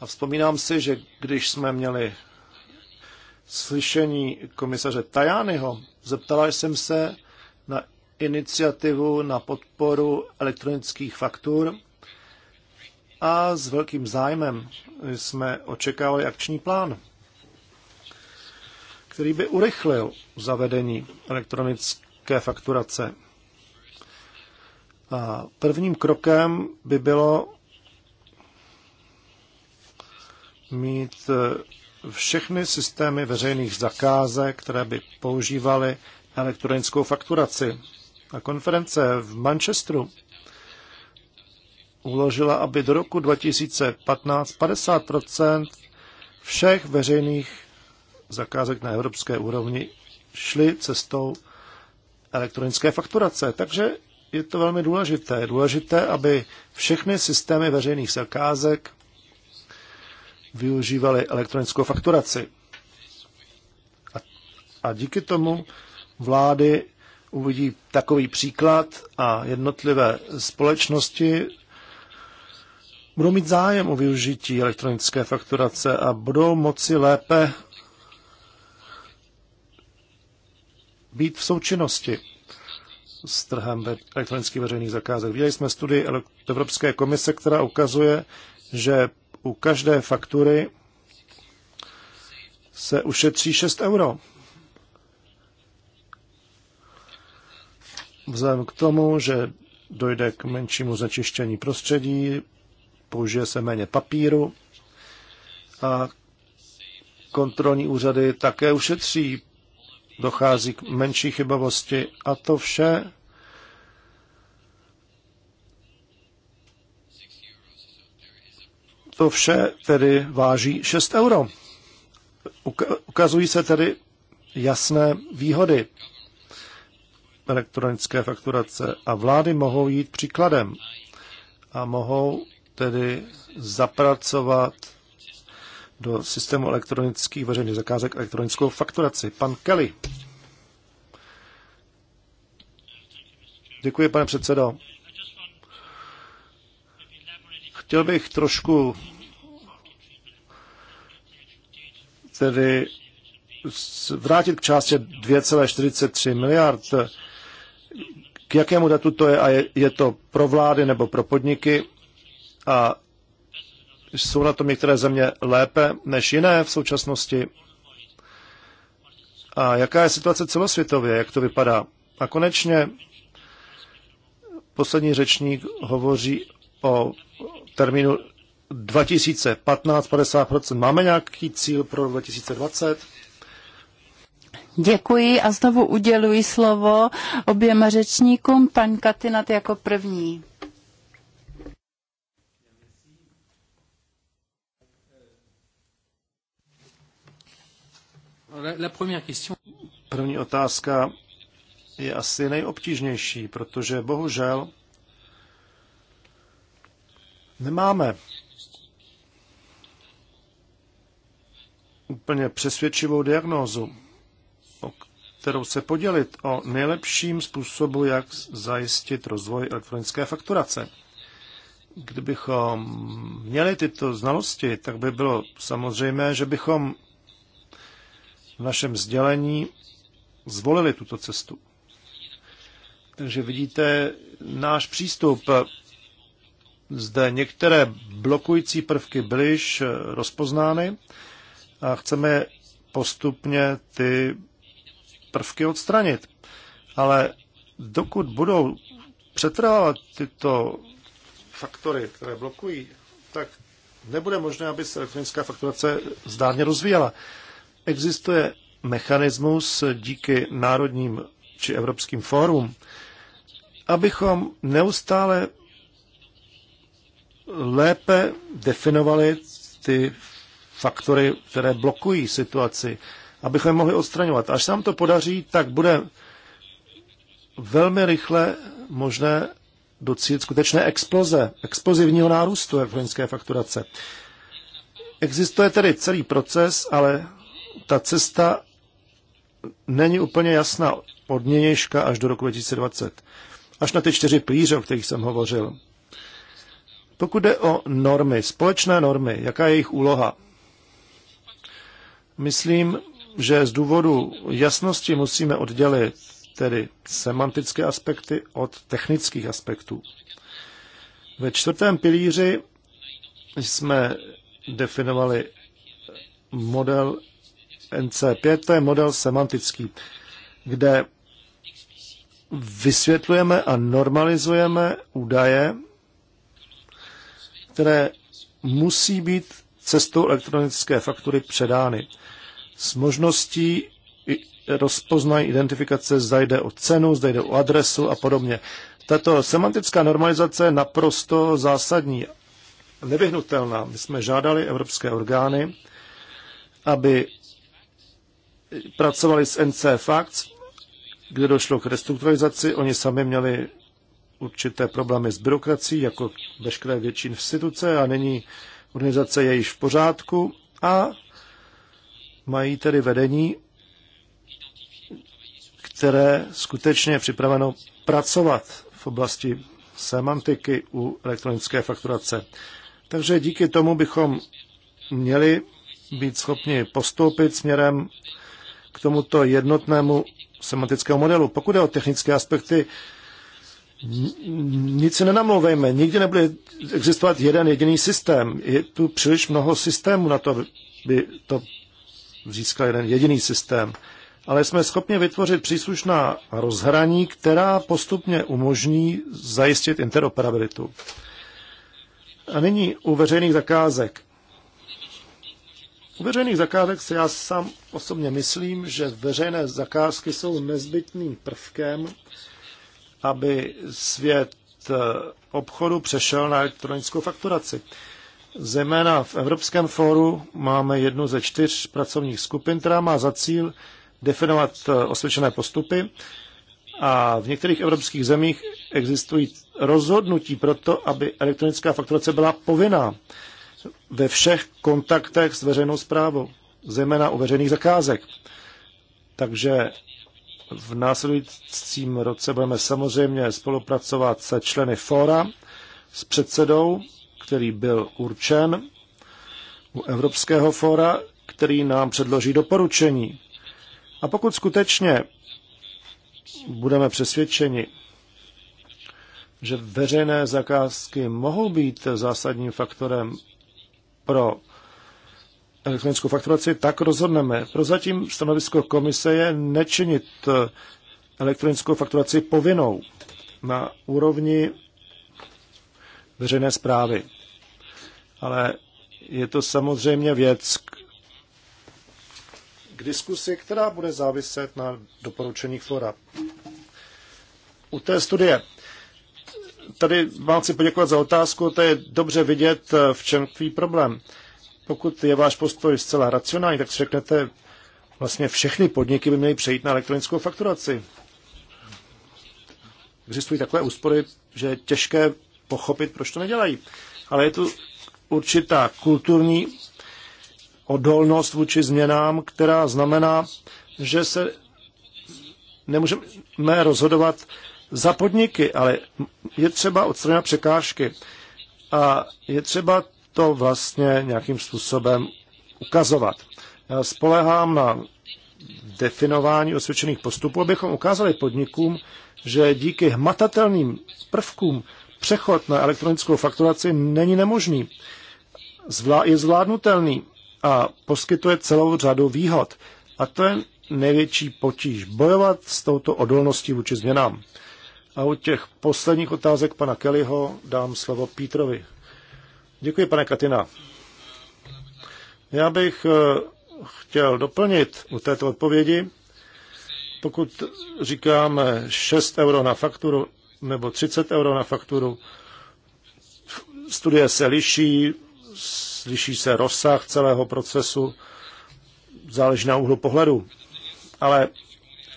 A vzpomínám si, že když jsme měli slyšení komisaře Tajányho, zeptala jsem se na iniciativu na podporu elektronických faktur a s velkým zájmem jsme očekávali akční plán, který by urychlil zavedení elektronické fakturace. A prvním krokem by bylo mít e, všechny systémy veřejných zakázek, které by používaly elektronickou fakturaci. A konference v Manchesteru uložila, aby do roku 2015 50 všech veřejných zakázek na evropské úrovni šly cestou elektronické fakturace. Takže je to velmi důležité. Je důležité, aby všechny systémy veřejných zakázek využívali elektronickou fakturaci. A, a díky tomu vlády uvidí takový příklad a jednotlivé společnosti budou mít zájem o využití elektronické fakturace a budou moci lépe být v součinnosti s trhem elektronických veřejných zakázek. Viděli jsme studii Evropské komise, která ukazuje, že u každé faktury se ušetří 6 euro. Vzhledem k tomu, že dojde k menšímu znečištění prostředí, použije se méně papíru a kontrolní úřady také ušetří, dochází k menší chybovosti a to vše to vše tedy váží 6 euro. Ukazují se tedy jasné výhody elektronické fakturace a vlády mohou jít příkladem a mohou tedy zapracovat do systému elektronických veřejných zakázek elektronickou fakturaci. Pan Kelly. Děkuji, pane předsedo. Chtěl bych trošku tedy vrátit k částce 2,43 miliard. K jakému datu to je a je, je to pro vlády nebo pro podniky a jsou na tom některé země lépe než jiné v současnosti. A jaká je situace celosvětově, jak to vypadá? A konečně poslední řečník hovoří o termínu 2015 50%. Máme nějaký cíl pro 2020? Děkuji a znovu uděluji slovo oběma řečníkům, pan Katinat jako první. První otázka je asi nejobtížnější, protože bohužel nemáme úplně přesvědčivou diagnózu, o kterou se podělit o nejlepším způsobu, jak zajistit rozvoj elektronické fakturace. Kdybychom měli tyto znalosti, tak by bylo samozřejmé, že bychom v našem sdělení zvolili tuto cestu. Takže vidíte, náš přístup zde některé blokující prvky byly již eh, rozpoznány a chceme postupně ty prvky odstranit. Ale dokud budou přetrvávat tyto faktory, které blokují, tak nebude možné, aby se elektronická fakturace zdárně rozvíjela. Existuje mechanismus díky národním či evropským fórum, abychom neustále lépe definovali ty faktory, které blokují situaci, abychom je mohli odstraňovat. Až se nám to podaří, tak bude velmi rychle možné docílit skutečné exploze, explozivního nárůstu elektronické fakturace. Existuje tedy celý proces, ale ta cesta není úplně jasná od nynějška až do roku 2020. Až na ty čtyři plíře, o kterých jsem hovořil. Pokud jde o normy, společné normy, jaká je jejich úloha? Myslím, že z důvodu jasnosti musíme oddělit tedy semantické aspekty od technických aspektů. Ve čtvrtém pilíři jsme definovali model NC5, to je model semantický, kde vysvětlujeme a normalizujeme údaje které musí být cestou elektronické faktury předány. S možností rozpoznají identifikace, zda jde o cenu, zda jde o adresu a podobně. Tato semantická normalizace je naprosto zásadní, nevyhnutelná. My jsme žádali evropské orgány, aby pracovali s NC Facts, kde došlo k restrukturalizaci. Oni sami měli určité problémy s byrokracií, jako veškeré větší instituce a není organizace je již v pořádku a mají tedy vedení, které skutečně je připraveno pracovat v oblasti semantiky u elektronické fakturace. Takže díky tomu bychom měli být schopni postoupit směrem k tomuto jednotnému semantickému modelu. Pokud je o technické aspekty, nic si nenamlouvejme. Nikdy nebude existovat jeden jediný systém. Je tu příliš mnoho systémů na to, aby to získal jeden jediný systém. Ale jsme schopni vytvořit příslušná rozhraní, která postupně umožní zajistit interoperabilitu. A nyní u veřejných zakázek. U veřejných zakázek si já sám osobně myslím, že veřejné zakázky jsou nezbytným prvkem, aby svět eh, obchodu přešel na elektronickou fakturaci. Zejména v Evropském fóru máme jednu ze čtyř pracovních skupin, která má za cíl definovat eh, osvědčené postupy a v některých evropských zemích existují rozhodnutí pro to, aby elektronická fakturace byla povinná ve všech kontaktech s veřejnou zprávou, zejména u veřejných zakázek. Takže v následujícím roce budeme samozřejmě spolupracovat se členy fóra, s předsedou, který byl určen u Evropského fóra, který nám předloží doporučení. A pokud skutečně budeme přesvědčeni, že veřejné zakázky mohou být zásadním faktorem pro elektronickou fakturaci, tak rozhodneme. Prozatím stanovisko komise je nečinit eh, elektronickou fakturaci povinnou na úrovni veřejné zprávy. Ale je to samozřejmě věc k diskusi, která bude záviset na doporučeních Flora. U té studie. Tady vám chci poděkovat za otázku, to je dobře vidět, eh, v čem tvý problém. Pokud je váš postoj zcela racionální, tak si řeknete, vlastně všechny podniky by měly přejít na elektronickou fakturaci. Existují takové úspory, že je těžké pochopit, proč to nedělají. Ale je tu určitá kulturní odolnost vůči změnám, která znamená, že se nemůžeme rozhodovat za podniky, ale je třeba odstranit překážky. A je třeba to vlastně nějakým způsobem ukazovat. Já spolehám na definování osvědčených postupů, abychom ukázali podnikům, že díky hmatatelným prvkům přechod na elektronickou fakturaci není nemožný. Zvlá- je zvládnutelný a poskytuje celou řadu výhod. A to je největší potíž. Bojovat s touto odolností vůči změnám. A u těch posledních otázek pana Kellyho dám slovo Pítrovi. Děkuji, pane Katina. Já bych eh, chtěl doplnit u této odpovědi, pokud říkáme 6 euro na fakturu nebo 30 euro na fakturu, studie se liší, liší se rozsah celého procesu, záleží na úhlu pohledu. Ale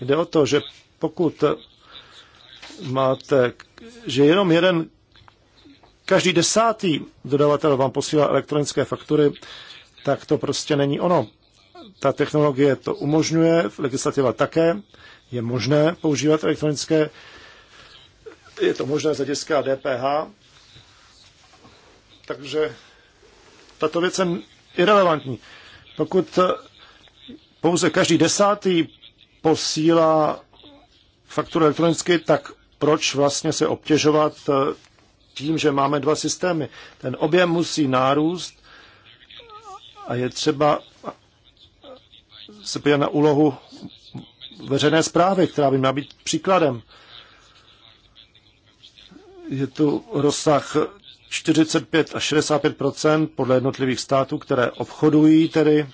jde o to, že pokud máte, že jenom jeden každý desátý dodavatel vám posílá elektronické faktury, tak to prostě není ono. Ta technologie to umožňuje, legislativa také, je možné používat elektronické, je to možné z hlediska DPH, takže tato věc je irrelevantní. Pokud pouze každý desátý posílá fakturu elektronicky, tak proč vlastně se obtěžovat tím, že máme dva systémy. Ten objem musí nárůst a je třeba se podívat na úlohu veřejné zprávy, která by měla být příkladem. Je tu rozsah 45 až 65 podle jednotlivých států, které obchodují tedy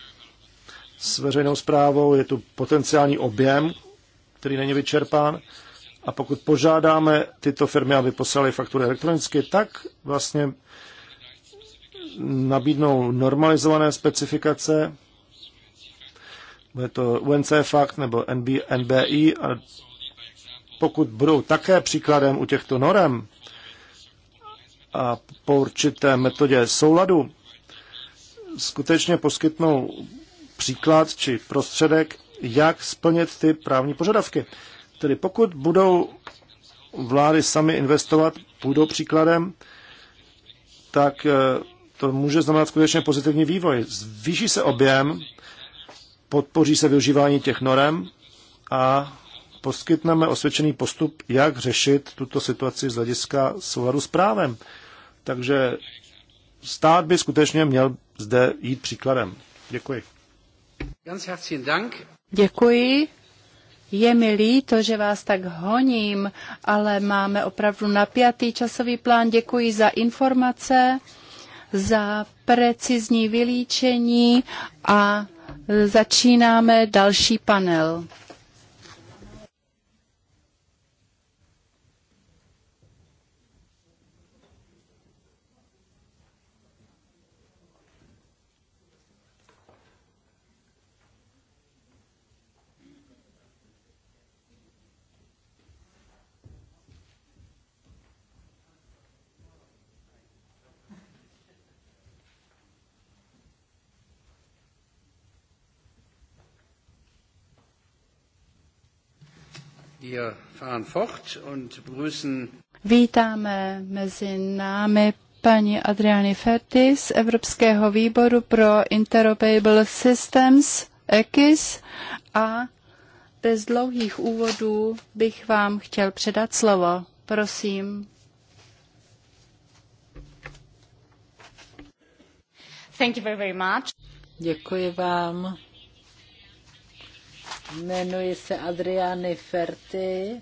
s veřejnou zprávou. Je tu potenciální objem, který není vyčerpán. A pokud požádáme tyto firmy, aby poslali faktury elektronicky, tak vlastně nabídnou normalizované specifikace, bude to UNC fakt nebo NB, NBI, a pokud budou také příkladem u těchto norem a po určité metodě souladu, skutečně poskytnou příklad či prostředek, jak splnit ty právní požadavky. Tedy pokud budou vlády sami investovat, půjdou příkladem, tak eh, to může znamenat skutečně pozitivní vývoj. Zvýší se objem, podpoří se využívání těch norem a poskytneme osvědčený postup, jak řešit tuto situaci z hlediska souladu s právem. Takže stát by skutečně měl zde jít příkladem. Děkuji. Děkuji. Je mi líto, že vás tak honím, ale máme opravdu napjatý časový plán. Děkuji za informace, za precizní vylíčení a začínáme další panel. Vítáme mezi námi paní Adriany Ferti z Evropského výboru pro Interoperable Systems, EKIS, a bez dlouhých úvodů bych vám chtěl předat slovo. Prosím. Thank you very, very much. Děkuji vám. Jmenuji se Adriany Ferty,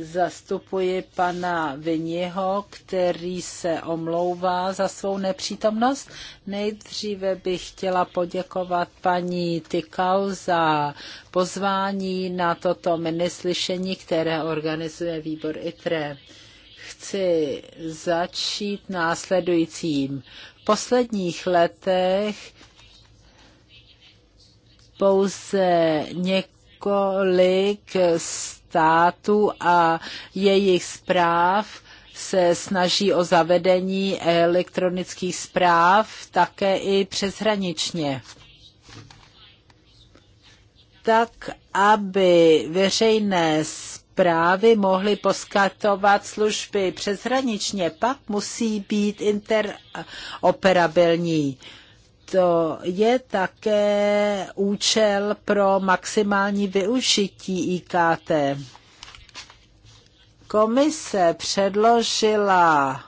zastupuji pana Viněho, který se omlouvá za svou nepřítomnost. Nejdříve bych chtěla poděkovat paní Tykau za pozvání na toto minislyšení, které organizuje výbor ITRE. Chci začít následujícím. V posledních letech pouze několik států a jejich zpráv se snaží o zavedení elektronických zpráv také i přeshraničně. Tak, aby veřejné zprávy mohly poskytovat služby přeshraničně, pak musí být interoperabilní to je také účel pro maximální využití IKT. Komise předložila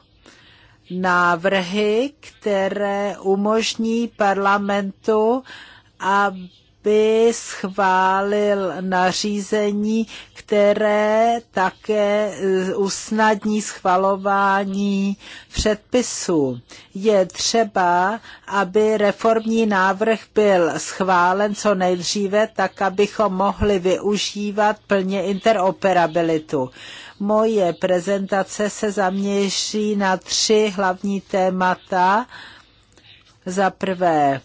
návrhy, které umožní parlamentu, aby by schválil nařízení, které také eh, usnadní schvalování předpisů. Je třeba, aby reformní návrh byl schválen co nejdříve, tak abychom mohli využívat plně interoperabilitu. Moje prezentace se zaměří na tři hlavní témata. Za prvé,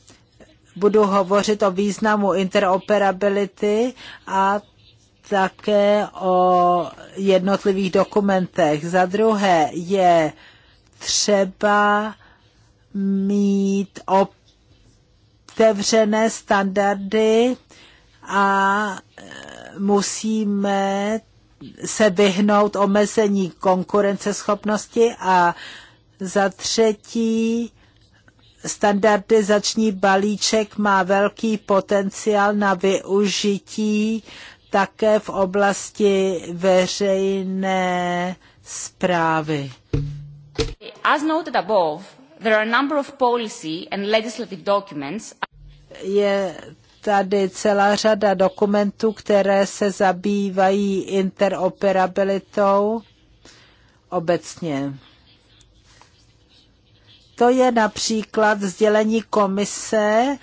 budu hovořit o významu interoperability a také o jednotlivých dokumentech. Za druhé je třeba mít otevřené standardy a e, musíme se vyhnout omezení konkurenceschopnosti a za třetí standardizační balíček má velký potenciál na využití také v oblasti veřejné zprávy. As noted above, there are a number of policy and legislative documents. Je tady celá řada dokumentů, které se zabývají interoperabilitou obecně. To je například sdělení komise,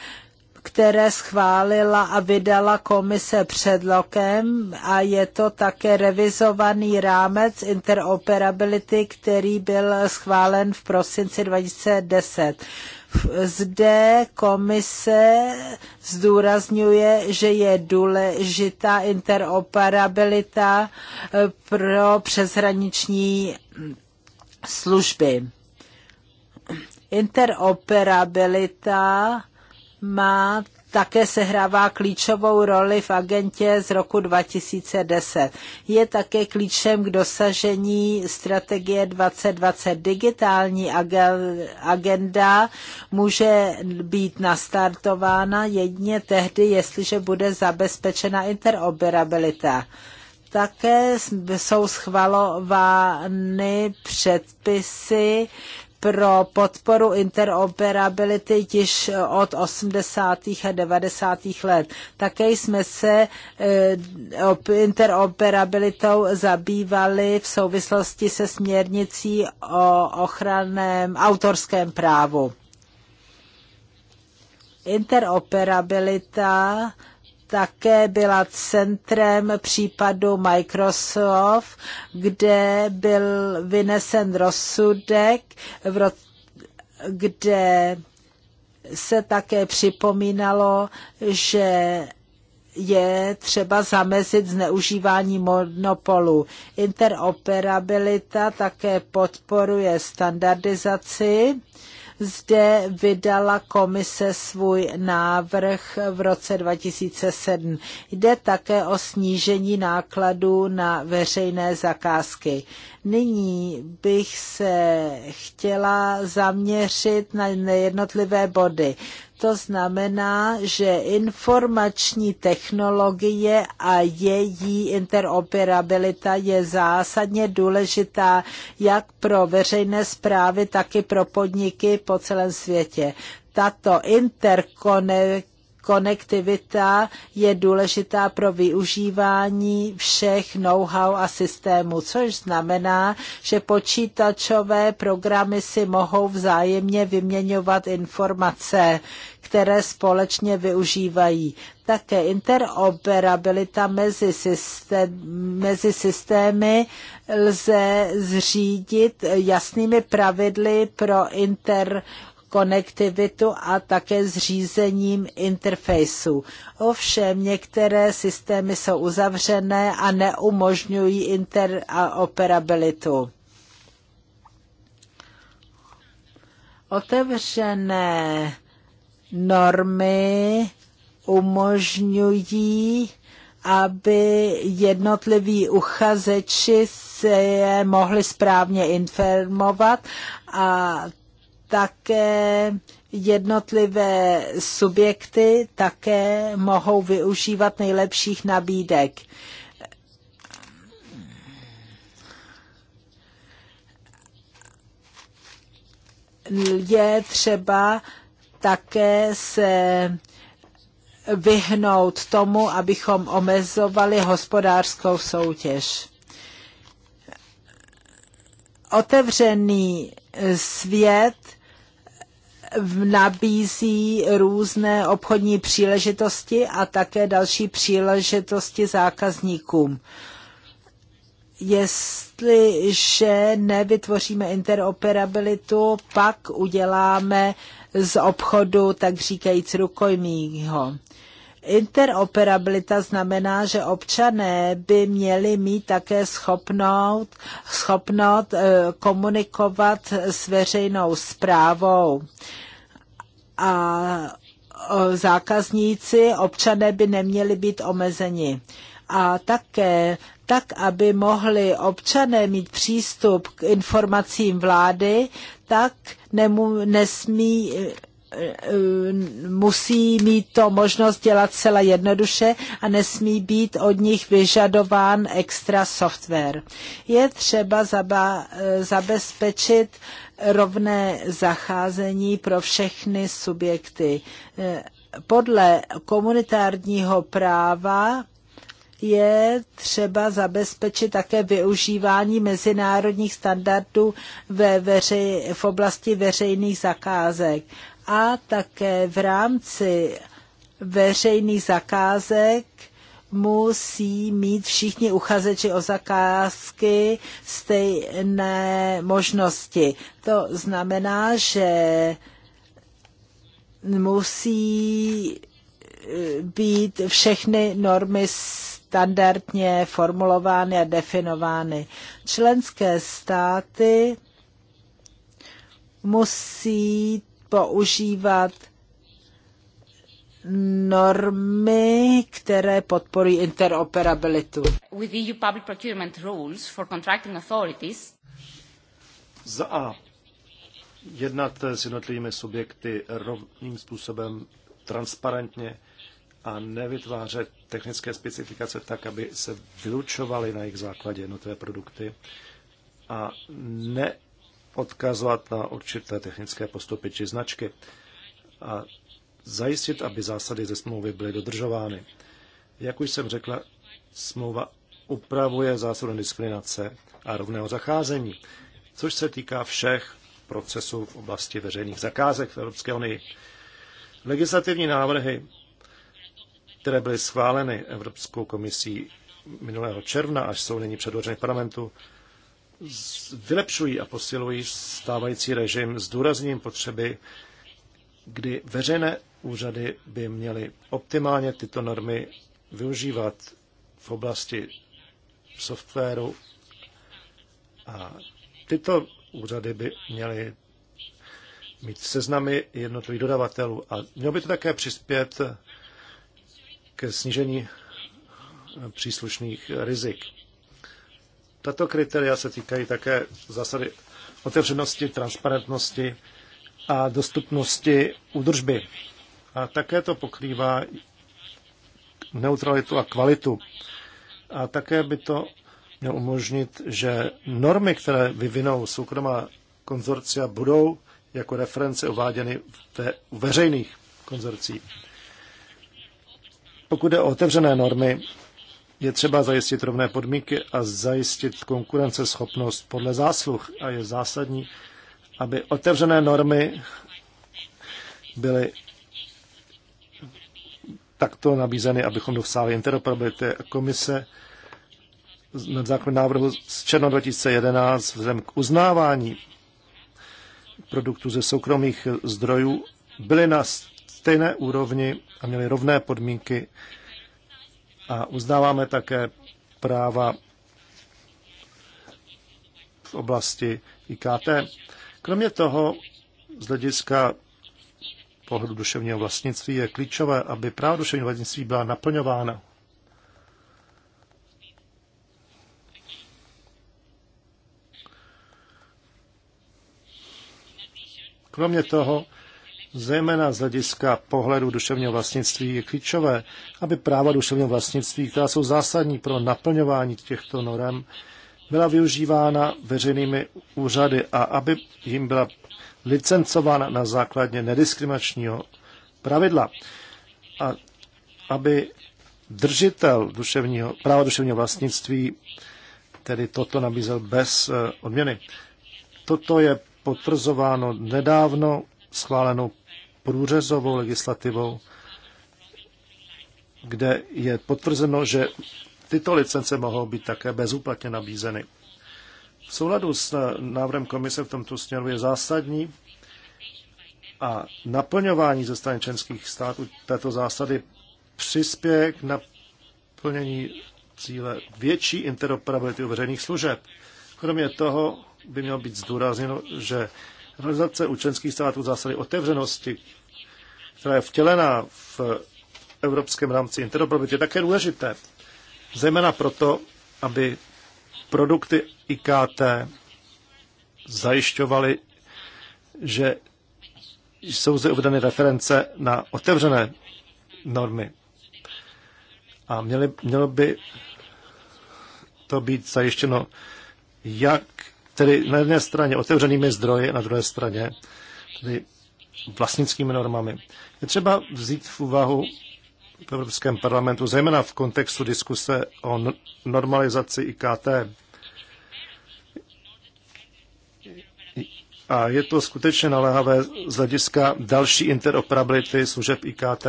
které schválila a vydala komise před lokem a je to také revizovaný rámec interoperability, který byl schválen v prosinci 2010. Zde komise zdůrazňuje, že je důležitá interoperabilita eh, pro přeshraniční služby. Interoperabilita má také sehrává klíčovou roli v agentě z roku 2010. Je také klíčem k dosažení strategie 2020. Digitální agenda může být nastartována jedně tehdy, jestliže bude zabezpečena interoperabilita. Také jsou schvalovány předpisy pro podporu interoperability již od 80. a 90. let. Také jsme se eh, interoperabilitou zabývali v souvislosti se směrnicí o ochranném autorském právu. Interoperabilita také byla centrem případu Microsoft, kde byl vynesen rozsudek, kde se také připomínalo, že je třeba zamezit zneužívání monopolu. Interoperabilita také podporuje standardizaci zde vydala komise svůj návrh v roce 2007. Jde také o snížení nákladů na veřejné zakázky. Nyní bych se chtěla zaměřit na jednotlivé body. To znamená, že informační technologie a její interoperabilita je zásadně důležitá jak pro veřejné zprávy, tak i pro podniky po celém světě. Tato interkonektivita konektivita je důležitá pro využívání všech know-how a systémů, což znamená, že počítačové programy si mohou vzájemně vyměňovat informace, které společně využívají. Také interoperabilita mezi, systém, mezi systémy lze zřídit jasnými pravidly pro interoperabilitu konektivitu a také zřízením interfejsu. Ovšem některé systémy jsou uzavřené a neumožňují interoperabilitu. Otevřené normy umožňují aby jednotliví uchazeči se je mohli správně informovat a také jednotlivé subjekty také mohou využívat nejlepších nabídek. Je třeba také se vyhnout tomu, abychom omezovali hospodářskou soutěž. Otevřený svět nabízí různé obchodní příležitosti a také další příležitosti zákazníkům. Jestliže nevytvoříme interoperabilitu, pak uděláme z obchodu, tak říkajíc, rukojmího. Interoperabilita znamená, že občané by měli mít také schopnost, schopnost eh, komunikovat s veřejnou zprávou. A zákazníci, občané by neměli být omezeni. A také tak, aby mohli občané mít přístup k informacím vlády, tak nemu, nesmí Eh, musí mít to možnost dělat celá jednoduše a nesmí být od nich vyžadován extra software. Je třeba zaba, eh, zabezpečit rovné zacházení pro všechny subjekty. Eh, podle komunitárního práva je třeba zabezpečit také využívání mezinárodních standardů ve veři, v oblasti veřejných zakázek a také v rámci veřejných zakázek musí mít všichni uchazeči o zakázky stejné možnosti. To znamená, že musí eh, být všechny normy standardně formulovány a definovány. Členské státy musí používat normy, které podporují interoperabilitu. With EU public procurement rules for contracting authorities. Za A. Jednat s jednotlivými subjekty rovným způsobem, transparentně a nevytvářet technické specifikace tak, aby se vylučovaly na jejich základě jednotlivé produkty a ne odkazovat na určité technické postupy či značky a zajistit, aby zásady ze smlouvy byly dodržovány. Jak už jsem řekla, smlouva upravuje zásadu diskriminace a rovného zacházení, což se týká všech procesů v oblasti veřejných zakázek v Evropské unii. Legislativní návrhy, které byly schváleny Evropskou komisí minulého června, až jsou nyní předloženy parlamentu, vylepšují a posilují stávající režim s důrazním potřeby, kdy veřejné úřady by měly optimálně tyto normy využívat v oblasti softwaru a tyto úřady by měly mít seznamy jednotlivých dodavatelů a mělo by to také přispět ke snížení příslušných rizik. Tato kritéria se týkají také zásady otevřenosti, transparentnosti a dostupnosti údržby. A také to pokrývá neutralitu a kvalitu. A také by to mělo umožnit, že normy, které vyvinou soukromá konzorcia, budou jako reference uváděny ve, veřejných konzorcích. Pokud jde o otevřené normy, je třeba zajistit rovné podmínky a zajistit konkurenceschopnost podle zásluh a je zásadní, aby otevřené normy byly takto nabízeny, abychom dosáhli interoperability. Komise na základě návrhu z června 2011 vzhledem k uznávání produktů ze soukromých zdrojů byly na stejné úrovni a měly rovné podmínky a uznáváme také práva v oblasti IKT. Kromě toho, z hlediska pohledu duševního vlastnictví je klíčové, aby práva duševního vlastnictví byla naplňována. Kromě toho zejména z hlediska pohledu duševního vlastnictví je klíčové, aby práva duševního vlastnictví, která jsou zásadní pro naplňování těchto norem, byla využívána veřejnými úřady a aby jim byla licencována na základě nediskriminačního pravidla. A aby držitel duševního, práva duševního vlastnictví tedy toto nabízel bez eh, odměny. Toto je potvrzováno nedávno schválenou průřezovou legislativou, kde je potvrzeno, že tyto licence mohou být také bezúplatně nabízeny. V souladu s eh, návrhem komise v tomto směru je zásadní a naplňování ze strany členských států této zásady přispěje k naplnění cíle větší interoperability u veřejných služeb. Kromě toho by mělo být zdůrazněno, že realizace u členských států zásady otevřenosti která je vtělená v evropském rámci interoperability, je také důležité. Zejména proto, aby produkty IKT zajišťovaly, že jsou zde uvedeny reference na otevřené normy. A měly, mělo by to být zajištěno jak tedy na jedné straně otevřenými zdroji, na druhé straně tedy vlastnickými normami. Je třeba vzít v úvahu v Evropském parlamentu, zejména v kontextu diskuse o normalizaci IKT. A je to skutečně naléhavé z hlediska další interoperability služeb IKT,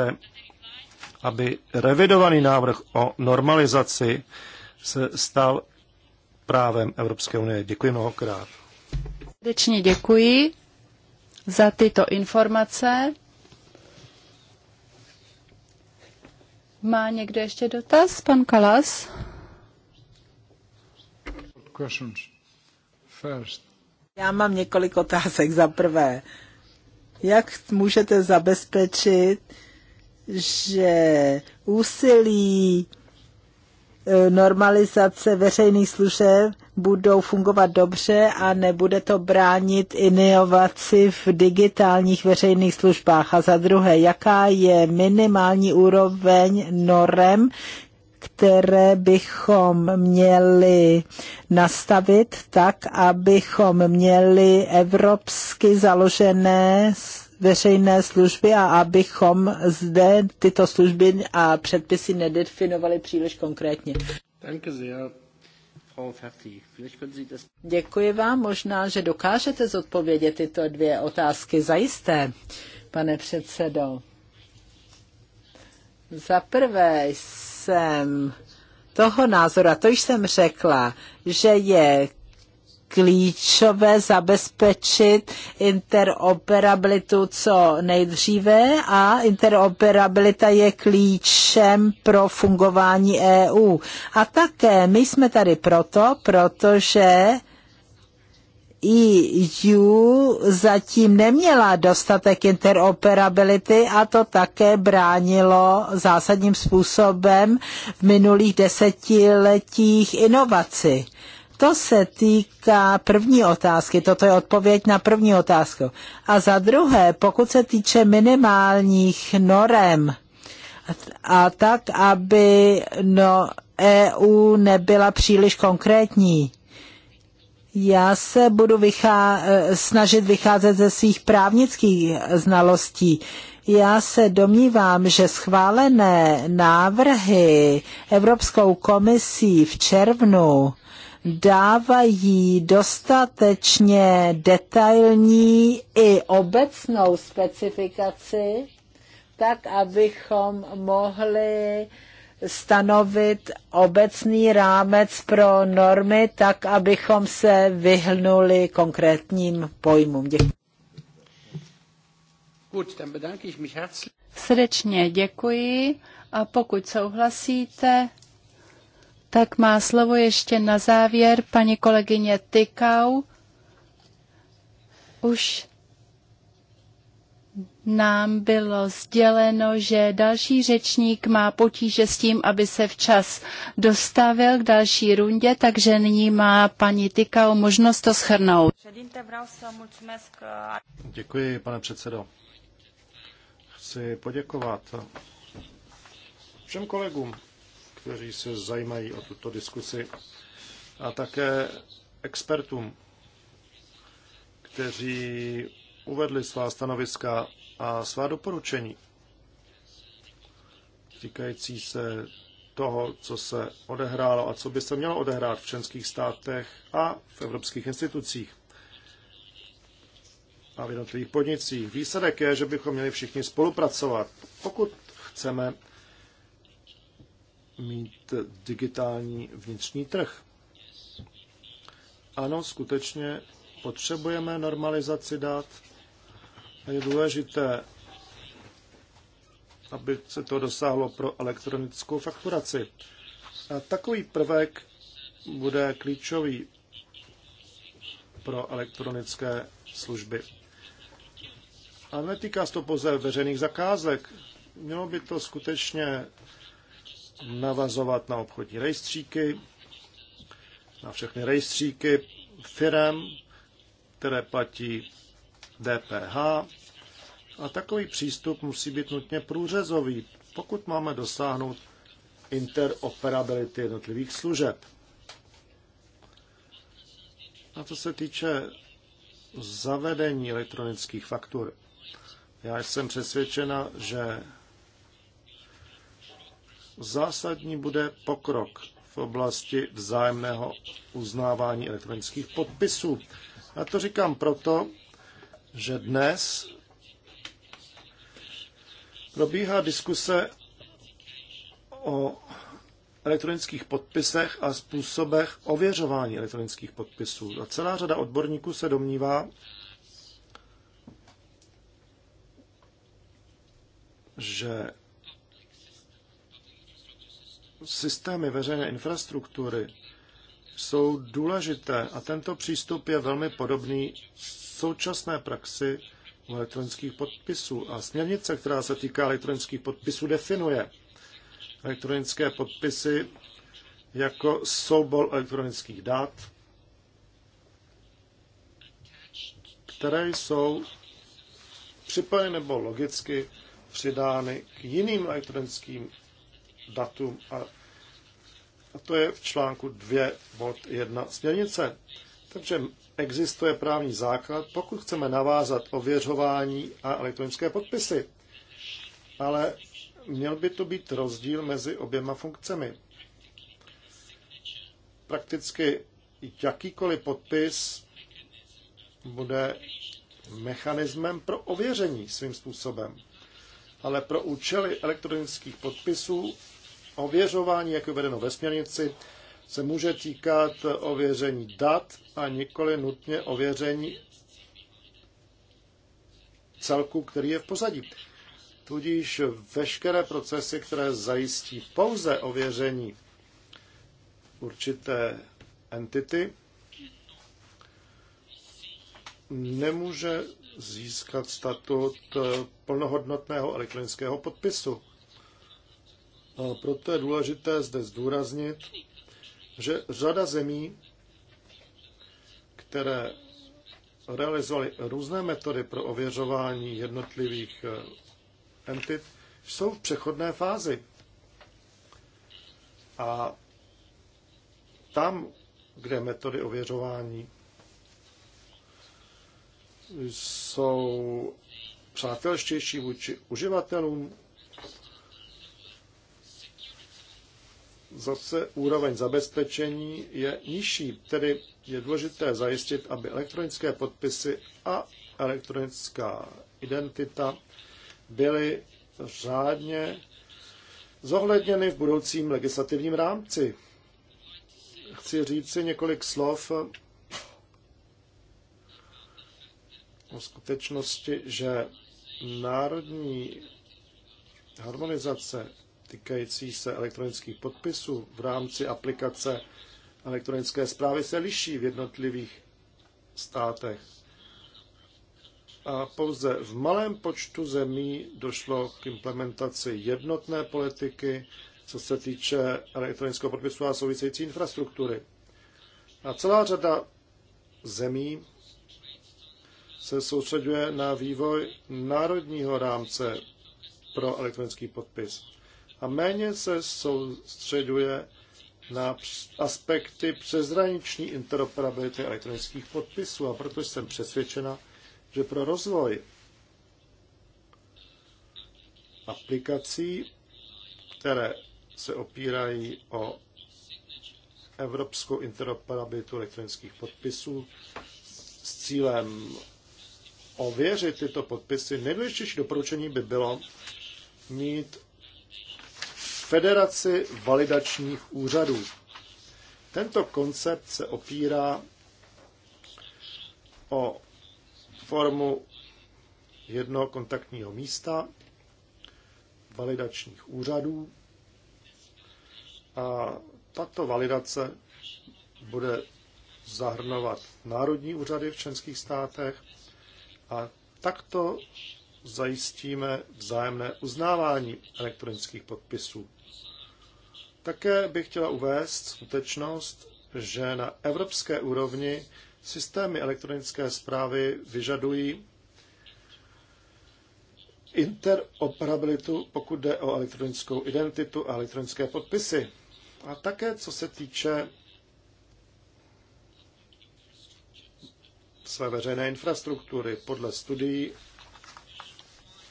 aby revidovaný návrh o normalizaci se stal právem Evropské unie. Děkuji mnohokrát. Srdečně děkuji za tyto informace. Má někdo ještě dotaz? Pan Kalas? Já mám několik otázek. Za prvé, jak můžete zabezpečit, že úsilí eh, normalizace veřejných služeb budou fungovat dobře a nebude to bránit inovaci v digitálních veřejných službách. A za druhé, jaká je minimální úroveň norem, které bychom měli nastavit tak, abychom měli evropsky založené veřejné služby a abychom zde tyto služby a předpisy nedefinovali příliš konkrétně. Danke Děkuji vám. Možná, že dokážete zodpovědět tyto dvě otázky zajisté, pane předsedo. Za prvé jsem toho názoru, a to již jsem řekla, že je klíčové zabezpečit interoperabilitu co nejdříve a interoperabilita je klíčem pro fungování EU. A také my jsme tady proto, protože EU zatím neměla dostatek interoperability a to také bránilo zásadním způsobem v minulých desetiletích inovaci. To se týká první otázky, toto je odpověď na první otázku. A za druhé, pokud se týče minimálních norem, a tak, aby no, EU nebyla příliš konkrétní. Já se budu vychá- snažit vycházet ze svých právnických znalostí. Já se domnívám, že schválené návrhy Evropskou komisí v červnu dávají dostatečně detailní i obecnou specifikaci, tak abychom mohli stanovit obecný rámec pro normy, tak abychom se vyhnuli konkrétním pojmům. Děkuji. Srdečně děkuji a pokud souhlasíte, tak má slovo ještě na závěr paní kolegyně Tykau. Už nám bylo sděleno, že další řečník má potíže s tím, aby se včas dostavil k další rundě, takže nyní má paní Tykau možnost to schrnout. Děkuji, pane předsedo. Chci poděkovat všem kolegům, kteří se zajímají o tuto diskusi a také expertům, kteří uvedli svá stanoviska a svá doporučení týkající se toho, co se odehrálo a co by se mělo odehrát v členských státech a v evropských institucích a v jednotlivých podnicích. Výsledek je, že bychom měli všichni spolupracovat, pokud chceme mít digitální vnitřní trh. Ano, skutečně potřebujeme normalizaci dat a je důležité, aby se to dosáhlo pro elektronickou fakturaci. A takový prvek bude klíčový pro elektronické služby. A netýká se to pouze veřejných zakázek. Mělo by to skutečně navazovat na obchodní rejstříky, na všechny rejstříky firem, které platí DPH. A takový přístup musí být nutně průřezový, pokud máme dosáhnout interoperability jednotlivých služeb. A co se týče zavedení elektronických faktur, já jsem přesvědčena, že Zásadní bude pokrok v oblasti vzájemného uznávání elektronických podpisů. A to říkám proto, že dnes probíhá diskuse o elektronických podpisech a způsobech ověřování elektronických podpisů. A celá řada odborníků se domnívá, že systémy veřejné infrastruktury jsou důležité a tento přístup je velmi podobný současné praxi u elektronických podpisů. A směrnice, která se týká elektronických podpisů, definuje elektronické podpisy jako soubor elektronických dat, které jsou připojeny nebo logicky přidány k jiným elektronickým datum a, a to je v článku 2 bod 1 směrnice. Takže existuje právní základ, pokud chceme navázat ověřování a elektronické podpisy. Ale měl by to být rozdíl mezi oběma funkcemi. Prakticky jakýkoliv podpis bude mechanismem pro ověření svým způsobem. Ale pro účely elektronických podpisů ověřování, jak je uvedeno ve směrnici, se může týkat ověření dat a nikoli nutně ověření celku, který je v pozadí. Tudíž veškeré procesy, které zajistí pouze ověření určité entity, nemůže získat statut plnohodnotného elektronického podpisu. A proto je důležité zde zdůraznit, že řada zemí, které realizovaly různé metody pro ověřování jednotlivých eh, entit, jsou v přechodné fázi. A tam, kde metody ověřování jsou přátelštější vůči uživatelům, zase úroveň zabezpečení je nižší, tedy je důležité zajistit, aby elektronické podpisy a elektronická identita byly řádně zohledněny v budoucím legislativním rámci. Chci říci několik slov o skutečnosti, že národní harmonizace týkající se elektronických podpisů v rámci aplikace elektronické zprávy se liší v jednotlivých státech. A pouze v malém počtu zemí došlo k implementaci jednotné politiky, co se týče elektronického podpisu a související infrastruktury. A celá řada zemí se soustředuje na vývoj národního rámce pro elektronický podpis a méně se soustředuje na aspekty přezraniční interoperability elektronických podpisů a proto jsem přesvědčena, že pro rozvoj aplikací, které se opírají o evropskou interoperabilitu elektronických podpisů s cílem ověřit tyto podpisy. Nejdůležitější doporučení by bylo mít federaci validačních úřadů. Tento koncept se opírá o formu jednoho kontaktního místa, validačních úřadů a tato validace bude zahrnovat národní úřady v členských státech a takto zajistíme vzájemné uznávání elektronických podpisů. Také bych chtěla uvést skutečnost, že na evropské úrovni systémy elektronické zprávy vyžadují interoperabilitu, pokud jde o elektronickou identitu a elektronické podpisy. A také co se týče své veřejné infrastruktury. Podle studií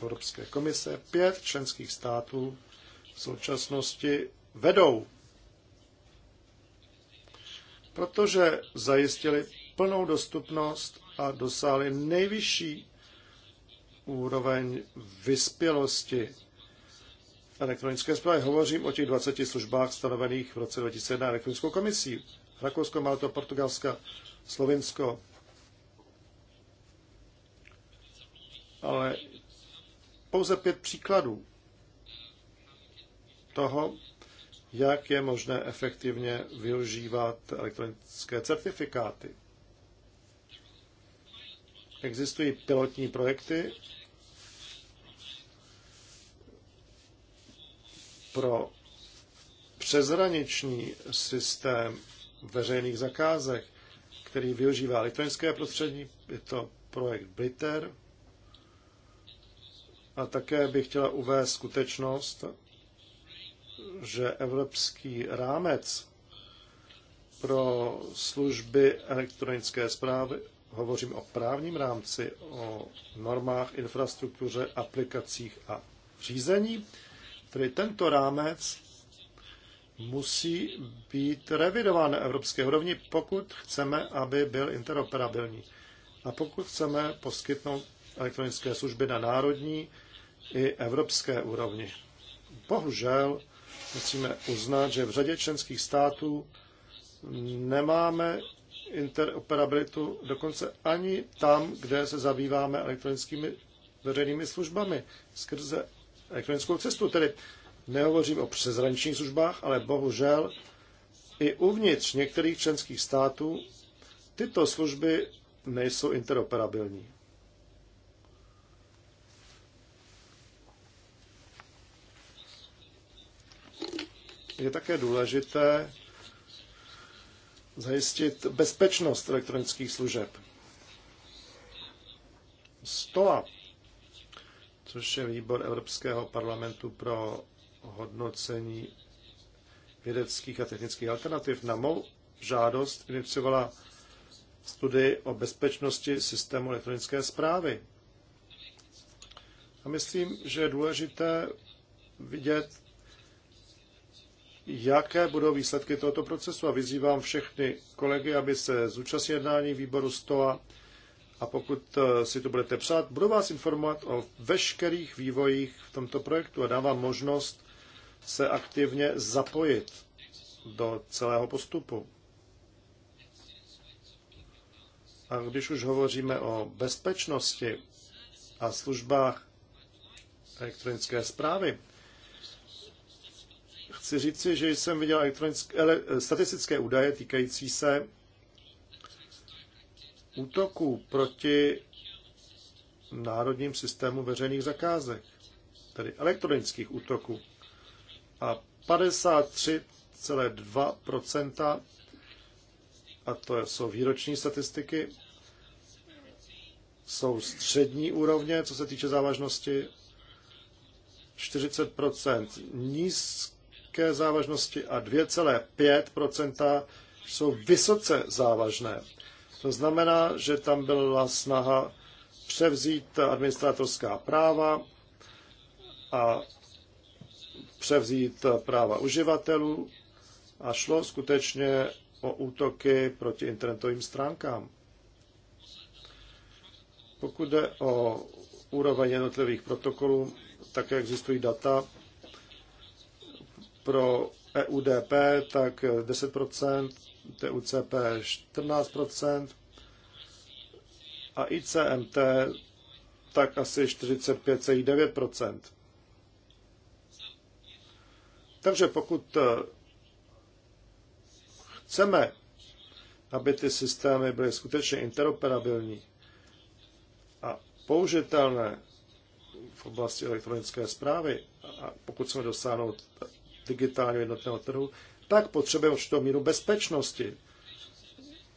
Evropské komise pět členských států v současnosti vedou, protože zajistili plnou dostupnost a dosáhli nejvyšší úroveň vyspělosti elektronické zprávy. Hovořím o těch 20 službách stanovených v roce 2001 elektronickou komisí. Rakousko, Malto, Portugalska, Slovinsko. Ale pouze pět příkladů toho, jak je možné efektivně využívat elektronické certifikáty. Existují pilotní projekty pro přezraniční systém veřejných zakázek, který využívá elektronické prostředí. Je to projekt Blitter. A také bych chtěla uvést skutečnost, že evropský rámec pro služby elektronické zprávy, hovořím o právním rámci, o normách, infrastruktuře, aplikacích a řízení, tedy tento rámec musí být revidován na evropské úrovni, pokud chceme, aby byl interoperabilní. A pokud chceme poskytnout elektronické služby na národní i evropské úrovni. Bohužel musíme uznat, že v řadě členských států nemáme interoperabilitu dokonce ani tam, kde se zabýváme elektronickými veřejnými službami skrze elektronickou cestu. Tedy nehovořím o přezrančních službách, ale bohužel i uvnitř některých členských států tyto služby nejsou interoperabilní. Je také důležité zajistit bezpečnost elektronických služeb. STOA, což je výbor Evropského parlamentu pro hodnocení vědeckých a technických alternativ, na mou žádost iniciovala studii o bezpečnosti systému elektronické zprávy. A myslím, že je důležité vidět, jaké budou výsledky tohoto procesu a vyzývám všechny kolegy, aby se zúčastnili jednání výboru STOA a pokud eh, si to budete přát, budu vás informovat o veškerých vývojích v tomto projektu a dávám možnost se aktivně zapojit do celého postupu. A když už hovoříme o bezpečnosti a službách elektronické zprávy, chci říci, že jsem viděl statistické údaje týkající se útoků proti národním systému veřejných zakázek, tedy elektronických útoků. A 53,2%, a to jsou výroční statistiky, jsou střední úrovně, co se týče závažnosti, 40% nízk lehké závažnosti a 2,5 jsou vysoce závažné. To znamená, že tam byla snaha převzít administratorská práva a převzít práva uživatelů a šlo skutečně o útoky proti internetovým stránkám. Pokud jde o úroveň jednotlivých protokolů, také existují data pro EUDP, tak 10%, TUCP 14% a ICMT tak asi 45,9%. Takže pokud eh, chceme, aby ty systémy byly skutečně interoperabilní a použitelné v oblasti elektronické zprávy, a pokud chceme dosáhnout digitálního jednotného trhu, tak potřebuje určitou míru bezpečnosti.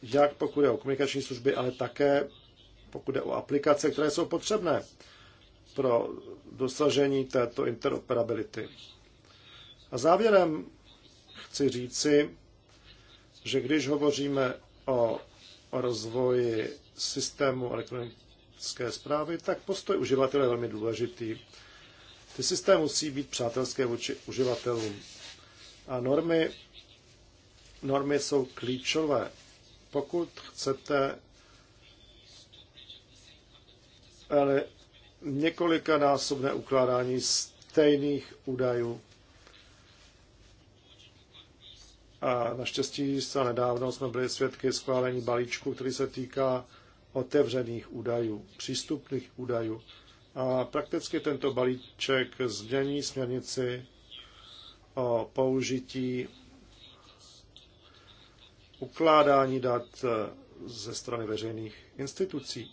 Jak pokud je o komunikační služby, ale také pokud je o aplikace, které jsou potřebné pro dosažení této interoperability. A závěrem chci říci, že když hovoříme o rozvoji systému elektronické zprávy, tak postoj uživatele je velmi důležitý. Ty systém musí být přátelské vůči uživatelům. A normy, normy jsou klíčové. Pokud chcete ale několika násobné ukládání stejných údajů. A naštěstí se nedávno jsme byli svědky schválení balíčku, který se týká otevřených údajů, přístupných údajů. A prakticky tento balíček změní směrnici o použití ukládání dat ze strany veřejných institucí.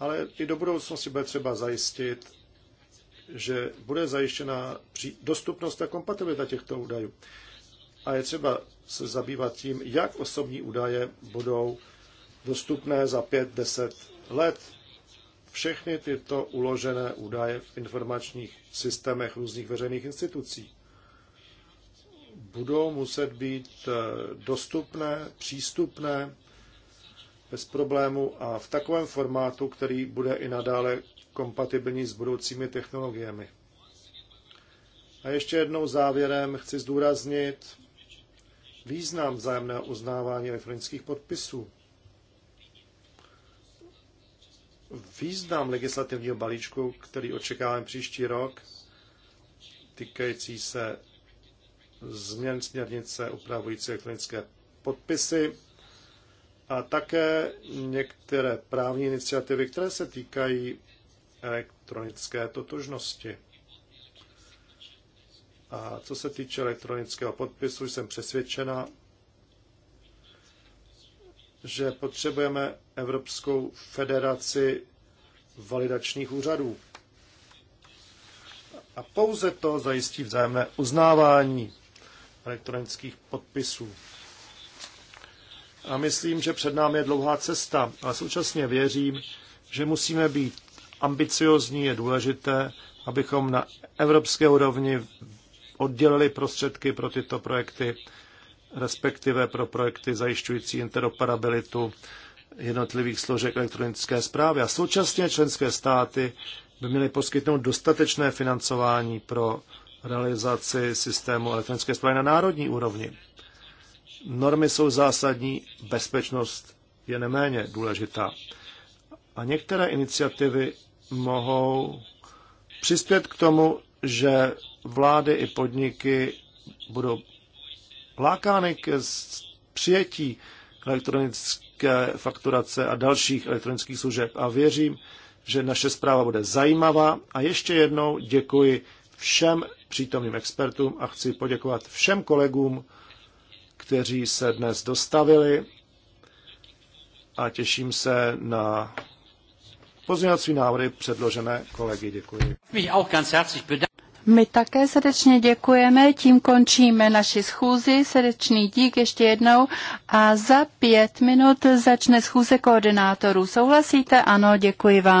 Ale i do budoucnosti bude třeba zajistit, že bude zajištěna dostupnost a kompatibilita těchto údajů. A je třeba se zabývat tím, jak osobní údaje budou dostupné za 5-10 let všechny tyto uložené údaje v informačních systémech různých veřejných institucí. Budou muset být eh, dostupné, přístupné, bez problému a v takovém formátu, který bude i nadále kompatibilní s budoucími technologiemi. A ještě jednou závěrem chci zdůraznit význam vzájemného uznávání elektronických podpisů. význam legislativního balíčku, který očekáváme příští rok, týkající se změn směrnice upravující elektronické podpisy a také některé právní iniciativy, které se týkají elektronické totožnosti. A co se týče elektronického podpisu, jsem přesvědčena, že potřebujeme Evropskou federaci validačních úřadů. A pouze to zajistí vzájemné uznávání elektronických podpisů. A myslím, že před námi je dlouhá cesta, ale současně věřím, že musíme být ambiciozní, je důležité, abychom na evropské úrovni oddělili prostředky pro tyto projekty respektive pro projekty zajišťující interoperabilitu jednotlivých složek elektronické zprávy. A současně členské státy by měly poskytnout dostatečné financování pro realizaci systému elektronické zprávy na národní úrovni. Normy jsou zásadní, bezpečnost je neméně důležitá. A některé iniciativy mohou přispět k tomu, že vlády i podniky budou lákány k přijetí elektronické fakturace a dalších elektronických služeb a věřím, že naše zpráva bude zajímavá a ještě jednou děkuji všem přítomným expertům a chci poděkovat všem kolegům, kteří se dnes dostavili a těším se na pozměňovací návrhy předložené kolegy. Děkuji. My také srdečně děkujeme, tím končíme naši schůzi. Srdečný dík ještě jednou a za pět minut začne schůze koordinátorů. Souhlasíte? Ano, děkuji vám.